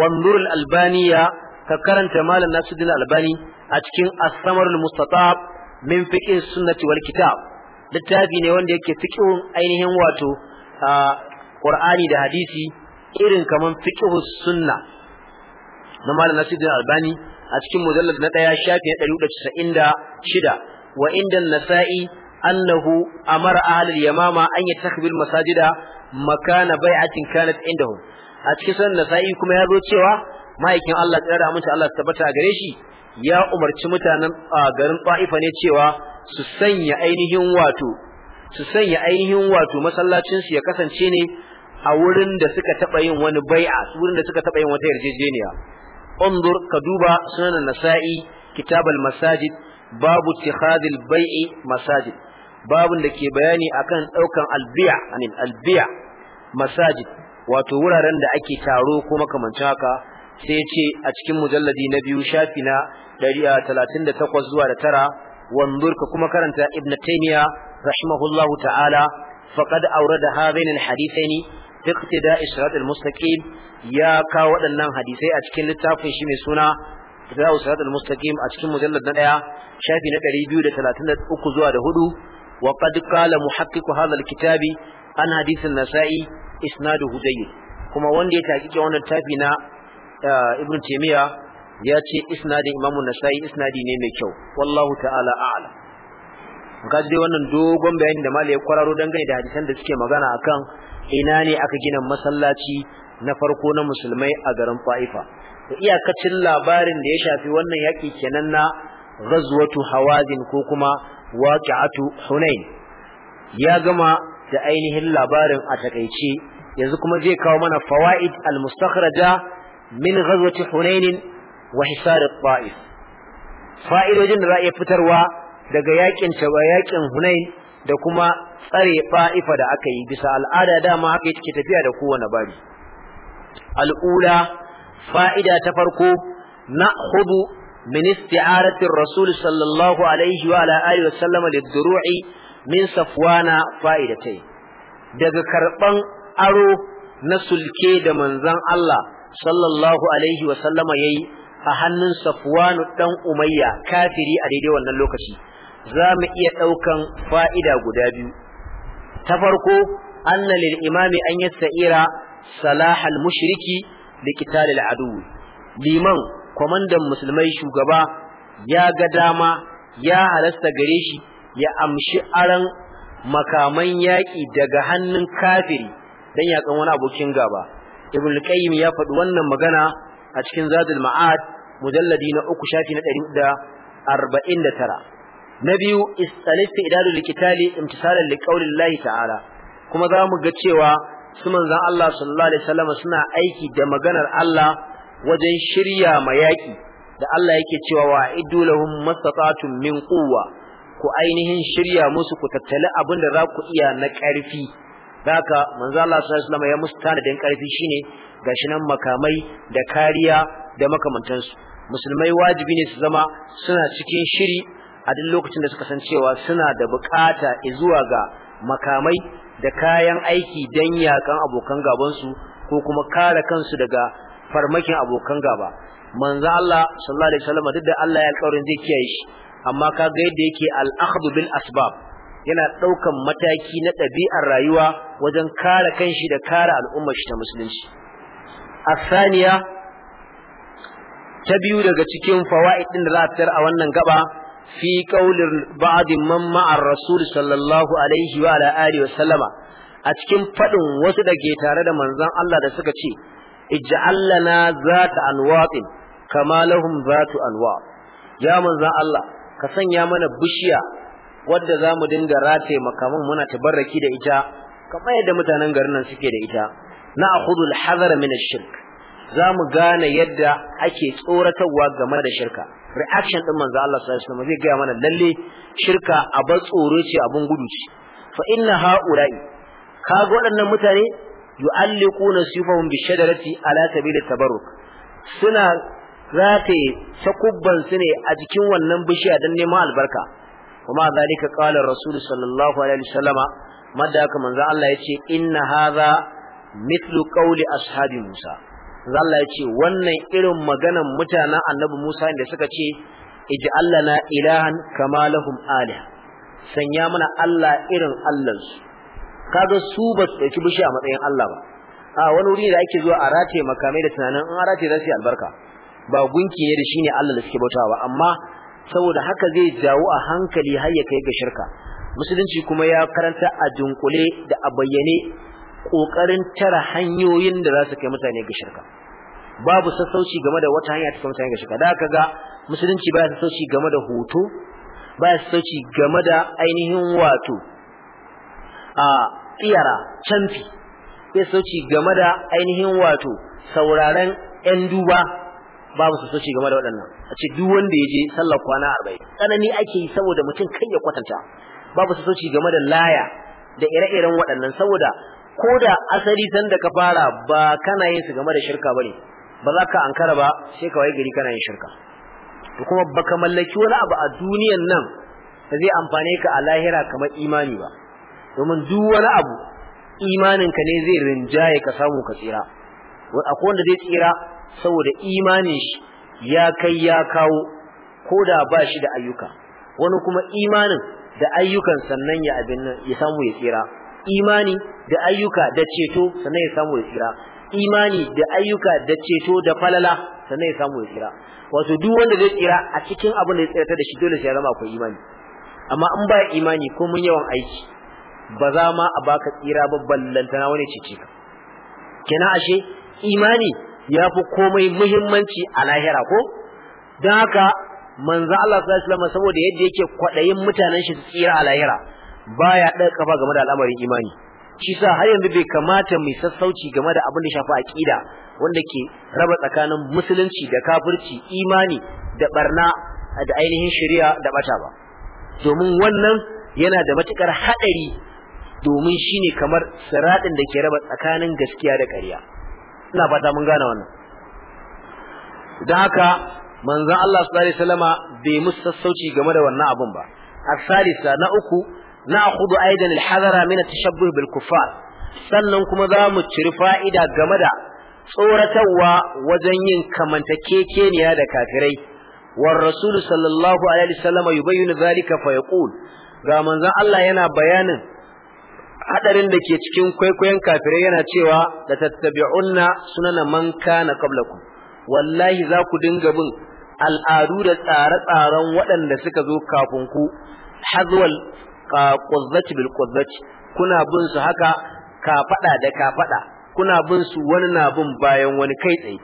wanzur al-albaniya ka karanta malam nasuddin albani a cikin as-samarul mustatab min fiqh sunnati wal kitab littafi ne wanda yake fiqhun ainihin wato Qur'ani da hadisi irin kaman fiqhus sunna na Malam Nasiruddin Albani a cikin mujallad na daya shafi 196 wa inda Nasa'i annahu amara ahlul yamama an yattakhidul masajida makana bai'atin kanat indahum a cikin sunan Nasa'i kuma ya zo cewa ma'aikin Allah tsara amince Allah tabbata gare shi ya umarci mutanen garin Ta'ifa ne cewa su sanya ainihin wato su sanya ainihin wato masallacin su ya kasance ne a wurin da suka taba yin wani bai'a wurin da suka taɓa yin wata yarjejeniya unzur ka duba sunan nasa'i kitab al-masajid babu ittikhadh baii masajid babu da ke bayani akan daukan al anil masajid wato wuraren da ake taro ko makamancin haka sai ce a cikin mujalladi na biyu shafi na 138 zuwa da tara wanzur ka kuma karanta ibn taymiya rahimahullahu ta'ala faqad awrada hadain alhadithaini fi iqtida'i sirat almustaqim ya kawo waɗannan hadisai a cikin littafin shi mai suna iqtida'u sirat almustaqim a cikin mujallar na daya shafi na 233 zuwa da 4 وقد قال محقق هذا الكتاب عن حديث النسائي isnaduhu jayyid kuma wanda ya taƙiƙe wannan tafi na ibn taymiya ya ce isnadin Imam Nasa'i isnadi ne mai kyau wallahu ta'ala a'lam ga dai wannan dogon bayani da malai ya kwararo dangane da hadisan da suke magana akan ina ne aka gina masallaci na farko na musulmai a garin Fa'ifa Da iyakacin labarin da ya shafi wannan yaki kenan na ghazwatu hawazin ko kuma waqi'atu hunain ya gama da ainihin labarin a takaice, yanzu kuma zai kawo mana fawaid al-mustakhraja min ghazwati hunain wa hisar ta'if fa'idojin da za a iya fitarwa daga yakin taba yakin hunain da kuma tsare fa'ifa da aka yi bisa al'ada dama haka yake tafiya da kowane bari al'ula fa'ida ta farko na min isti'arati rasul sallallahu alaihi wa ala alihi wa sallama min safwana fa'idatai daga karban aro na sulke da manzon Allah sallallahu alaihi wa sallama yayi a hannun safuwanu dan Umayya kafiri a daidai wannan lokaci za mu iya ɗaukan fa'ida guda biyu ta farko anna lil imami an yasta'ira salah al mushriki li qital al adu liman komandan musulmai shugaba ya ga dama ya halasta gare shi ya amshi aran makaman yaƙi daga hannun kafiri dan kan wani abokin gaba ibn qayyim ya faɗi wannan magana a cikin zadul ma'ad mujalladi na uku shafi na ɗari da arba'in da tara na biyu istalisti idadul da imtisalan liƙaulillahi lahi ta'ala kuma za mu ga cewa su manzan Allah sallallahu alaihi wasallam suna aiki da maganar Allah wajen shirya mayaki da Allah yake cewa wa iddu lahum mastata'tum min quwwa ku ainihin shirya musu ku tattali abin da za ku iya na ƙarfi haka manzo Allah sallallahu alaihi ya musu tanadin karfi shine gashi nan makamai da kariya da makamantansu musulmai wajibi ne su zama suna cikin shiri a duk lokacin da suka san cewa suna da bukata zuwa ga makamai da kayan aiki dan yakan abokan gaban su ko kuma kare kansu daga farmakin abokan gaba manzo Allah sallallahu alaihi wasallam duk da Allah ya alƙawarin zai kiyaye shi amma kaga yadda yake al-akhdhu bil asbab yana ɗaukan mataki na ɗabi'ar rayuwa wajen kare kanshi da kare al'ummar shi ta musulunci asaniya ta biyu daga cikin fawaid din da za a a wannan gaba fi qaulin ba'd man ma'a rasul sallallahu alaihi wa ala alihi wa sallama a cikin fadin wasu da ke tare da manzon Allah da suka ce ij'al lana zata anwaqin kama lahum zatu anwa ya manzon Allah ka sanya mana bishiya wadda za mu dinga rataye makaman muna tabarraki da ita kamar yadda mutanen garin nan suke da ita na akhudhu al min ash-shirk za mu gane yadda ake tsoratarwa game da shirka reaction din manzo Allah sallallahu alaihi wasallam zai ga mana lalle shirka abin tsoro ce abin gudu ce fa inna ha'ula'i kaga waɗannan mutane yu'alliquna sifahum shadarati ala at tabarruk suna rate sakubban su ne a jikin wannan bishiya don neman albarka kuma zalika qala rasul sallallahu alaihi wasallama madda haka manzo Allah yace inna hadha mithlu qawli ashabi Musa manzo Allah yace wannan irin maganan mutana annabi Musa da suka ce iji lana ilahan kama lahum aliha sanya mana Allah irin Allahnsu kaga su ba su dauki bishi a matsayin Allah ba a wani wuri da ake zuwa a rataye makamai da tunanin in a za su yi albarka ba gunki ne da shine Allah da suke bautawa ba amma saboda haka zai jawo a hankali har ya kai ga shirka musulunci kuma ya karanta a dunkule da a bayyane kokarin tara hanyoyin da za su kai mutane ga shirka babu sassauci game da wata hanya ta kai mutane ga shirka da aka ga musulunci baya sassauci game da hoto baya sassauci game da ainihin wato a tsiyara canfi bai sassauci game da ainihin wato sauraren yan duba babu su soci game da waɗannan a ce duk wanda ya je sallar kwana arba'in tsanani ake yi saboda mutum kan ya kwatanta babu su soci game da laya da ire-iren waɗannan saboda ko da asali san da ka fara ba kana yin su game da shirka bane ba za ka ankara ba sai ka wai gari kana yin shirka to kuma baka mallaki wani abu a duniyan nan da zai amfane ka a lahira kamar imani ba domin duk wani abu imanin ka ne zai rinjaye ka samu ka tsira akwai wanda zai tsira saboda imanin shi ya kai ya kawo ko da ba shi da ayyuka wani kuma imanin da ayyukan sannan ya abin nan ya samu ya tsira imani da ayyuka da ceto sannan ya samu ya tsira imani da ayyuka da ceto da falala sannan ya samu ya tsira wato duk wanda zai tsira a cikin abin da ya tsira da shi dole sai ya zama akwai imani amma in ba imani ko mun yawan aiki ba za ma a baka tsira ba ballantana wani cece ka kenan ashe imani ya fi komai muhimmanci a lahira ko don haka manzo Allah sallallahu alaihi saboda yadda yake kwaɗayin mutanen shi tsira a lahira baya ɗan kafa game da al'amarin imani shi sa har yanzu bai kamata mu sassauci game da abin da shafi aqida wanda ke raba tsakanin musulunci da kafirci imani da barna da ainihin shari'a da bata ba domin wannan yana da matukar haɗari domin shine kamar siratin da ke raba tsakanin gaskiya da ƙarya ina fata mun gane wannan da haka manzon Allah sallallahu alaihi wasallama bai musu sassauci game da wannan abun ba asalisa na uku na aidan alhadara min atashabbuh bil kuffar sannan kuma za mu ciri fa'ida game da tsoratarwa wajen yin kamanta kamantakekeniya da kafirai war rasul sallallahu alaihi wasallama yubayyin zalika fa yaqul ga manzon Allah yana bayanin hadarin da ke cikin kwaikwayon kafirai yana cewa da tattabi'unna sunana man kana qablakum wallahi za ku dinga bin al'adu da tsare-tsaren waɗanda suka zo kafin ku hazwal qazzati bil qazzati kuna bin su haka kafada da kafada kuna bin su wani na bin bayan wani kai tsaye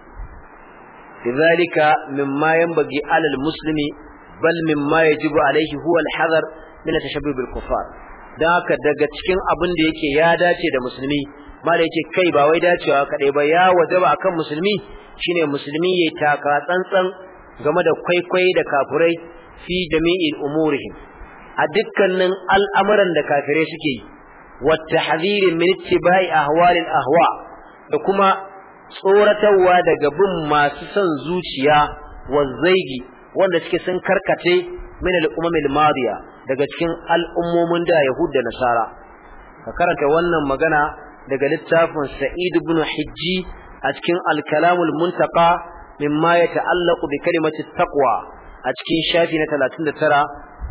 lidhalika mimma yanbaghi alal muslimi bal mimma yajibu alayhi huwa al-hadar min at-tashabbuh bil da haka daga cikin abin da yake ya dace da musulmi mala yake kai ba wai dacewa kaɗai ba ya wajaba akan musulmi shine musulmi ya taka tsantsan game da kwaikwayi da kafurai fi jami'il umurihim a dukkanin al'amuran da kafirai suke yi wa tahdhiri min ittiba'i ahwalil ahwa da kuma tsoratarwa daga bin masu son zuciya wa zaigi wanda suke sun karkace min al'umamil madiya daga cikin al'ummomin da Yahud da Nasara ka karanta wannan magana daga littafin Sa'id ibn Hijji a cikin Al-Kalamul Muntaqa mimma yata'allaqu bi kalimati taqwa a cikin shafi na 39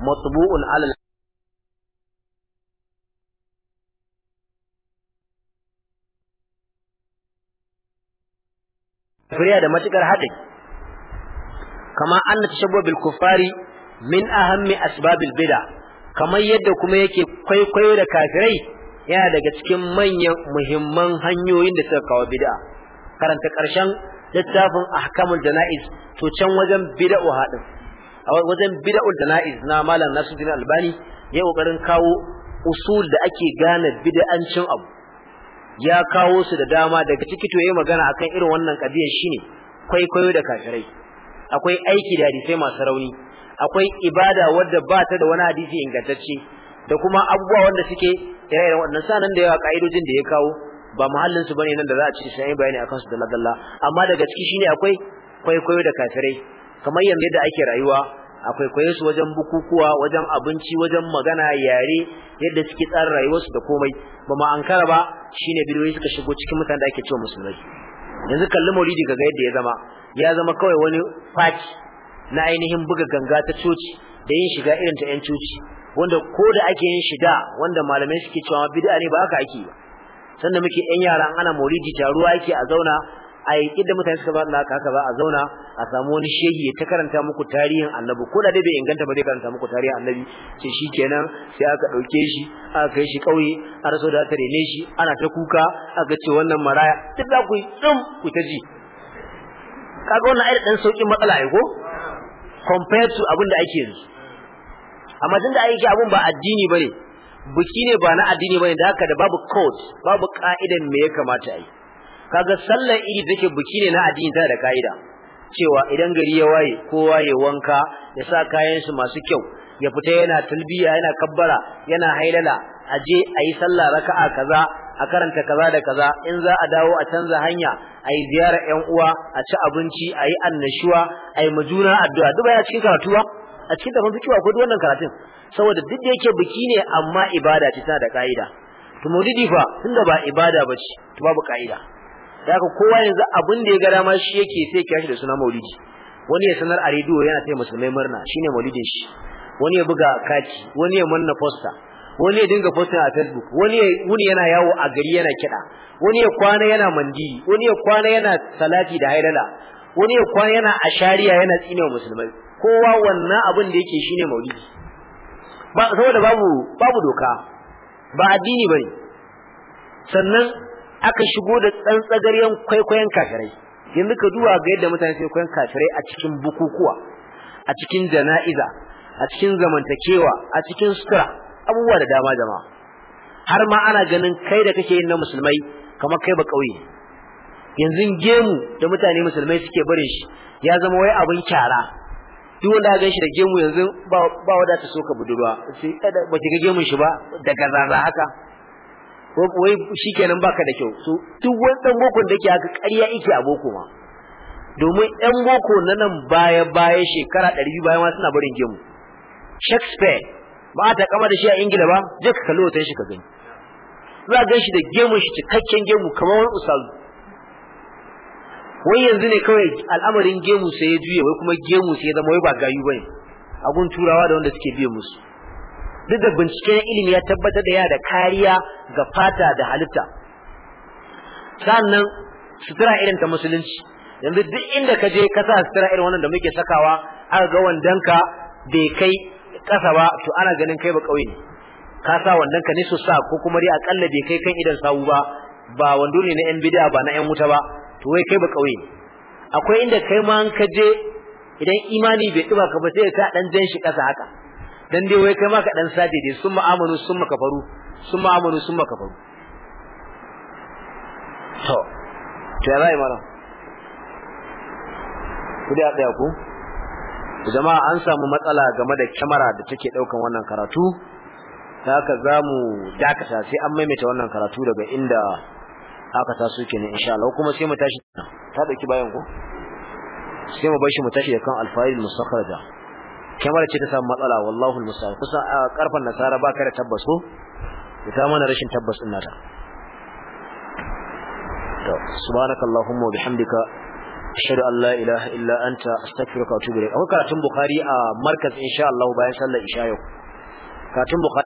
matbu'un 'ala Firiya da matukar haɗin kama an na tashabbo bil Bilkufari. min ahammi asbabil bid'a kamar yadda kuma yake kwaikwayo da kafirai yana daga cikin manyan muhimman hanyoyin da suka kawo bid'a karanta karshen littafin ahkamul janaiz to can wajen bid'u hadin a wajen bida'u janaiz na malam nasuddin Albani ya kokarin kawo usul da ake gane bid'ancin abu ya kawo su da dama daga ciki to yayi magana akan irin wannan kabiyar shine kwaikwayo da kafirai akwai aiki da hadisai masu rauni akwai ibada wadda ba ta da wani hadisi ingantacce da kuma abubuwa wanda suke ire-iren sa sanan da yawa ka'idojin da ya kawo ba muhallin su bane nan da za a ci sai bayani akan su da dalla amma daga ciki shine akwai kwaikwayo da kafirai kamar yanzu yadda ake rayuwa akwai kwaye su wajen bukukuwa wajen abinci wajen magana yare yadda suke tsara rayuwarsu da komai ba ma ankara ba shine bidiyoyi suka shigo cikin mutanen da ake cewa musulmai yanzu kalli maulidi kaga yadda ya zama ya zama kawai wani faci na ainihin buga ganga ta coci da yin shiga irin ta 'yan coci wanda ko da ake yin shiga wanda malamai suke cewa bid'a ne ba haka ake ba sannan muke 'yan yaran ana maulidi taruwa ake a zauna a yi mutane suka ba Allah haka ba a zauna a samu wani shehi ya ta karanta muku tarihin annabi ko da dai bai inganta ba zai karanta muku tarihin annabi sai kenan sai aka dauke shi aka kai shi kauye a raso da ta rene shi ana ta kuka aka ce wannan maraya duk za ku yi tsum ku ta ji kaga wannan ai dan saukin matsala ai ko compared to abin da ake yanzu amma tunda ai ake abin ba addini bane buki ne ba na addini bane da haka da babu code babu ka'idan me ya kamata ai kaga sallar idi take buki ne na addini tana da ka'ida cewa idan gari ya waye kowa ya wanka ya sa kayan shi masu kyau ya fita yana talbiya yana kabbara yana hailala aje ayi sallah raka'a kaza a karanta kaza da kaza in za a dawo a canza hanya a yi ziyarar yan uwa a ci abinci a yi annashuwa a yi majuna addu'a duk baya cikin karatu ba a cikin mafi kiwa ko duk wannan karatun saboda duk da yake biki ne amma ibada ce tana da ka'ida to maulidi fa tunda ba ibada ba ce to babu ka'ida daga kowa yanzu abin da ya ga dama shi yake sai ya shi da suna maulidi wani ya sanar a rediyo yana taya musulmai murna shine maulidin shi wani ya buga kaki wani ya manna poster wani ya dinga fosin a facebook wani yana yawo a gari yana kiɗa wani ya kwana yana mandi wani ya kwana yana salati da haidala wani ya kwana yana ashariya yana wa musulmai kowa wannan abin da yake shine maulidi ba saboda babu babu doka ba addini bane sannan aka shigo da tsantsagaryen kwaikwayon kafirai yanzu ka duba ga yadda mutane suke kwaikwayon kafirai a cikin bukukuwa a cikin jana'iza a cikin zamantakewa a cikin sutura abubuwa da dama jama'a har ma ana ganin kai da kake yin na musulmai kamar kai ba kauye yanzu gemu da mutane musulmai suke barin shi ya zama wai abin kyara duk wanda ya ganshi da gemu yanzu ba ba ta soka budurwa sai eh, ba ki ga gemun shi ba da gazaza haka wai shikenan baka da kyau so duk wani dan boko da yake haka ƙarya yake a boko ma domin yan boko na nan baya baya shekara 200 bayan ma suna barin gemu Shakespeare ba a kama da shi a ingila ba je ka kalli hoton shi ka gani za a shi da gemun shi cikakken gemu kamar wani usalu wai yanzu ne kawai al'amarin gemu sai ya juye wai kuma gemu sai ya zama wai ba gayu bane a gun turawa da wanda suke biye musu duk da binciken ilimi ya tabbatar da yana da kariya ga fata da halitta sannan sutura irin ta musulunci yanzu duk inda ka je ka sa sutura irin wannan da muke sakawa aka ga wandanka bai kai kasa ba to ana ganin kai ba kauye ne ka sa wannan ka su sa ko kuma dai akalla bai kai kan idan sawu ba ba wando ne na yan bid'a ba na yan wuta ba to wai kai ba kauye ne akwai inda kai ma an kaje idan imani bai duba ka ba sai ka dan jan shi kasa haka dan dai wai kai ma ka dan sade dai ma'amunu sun ma kafaru ma'amunu sun ma kafaru to to ya rai mara ku da ku jama'a an samu matsala game da kyamara da take daukan wannan karatu haka zamu dakata sai an maimaita wannan karatu daga inda aka taso kenan insha Allah kuma sai mu tashi ta dauki bayan ku sai mu bashi mu tashi da kan alfa'il mustakhraja kyamara ce ta samu matsala wallahi almusta'an kusa karfan nasara ba da tabbas tabbaso ita mana rashin tabbas din nata to subhanakallahumma wa bihamdika ashhadu an la ilaha illa anta astaghfiruka wa atubu akwai karatun bukhari a markaz insha Allah bayan sallar isha yau karatun bukhari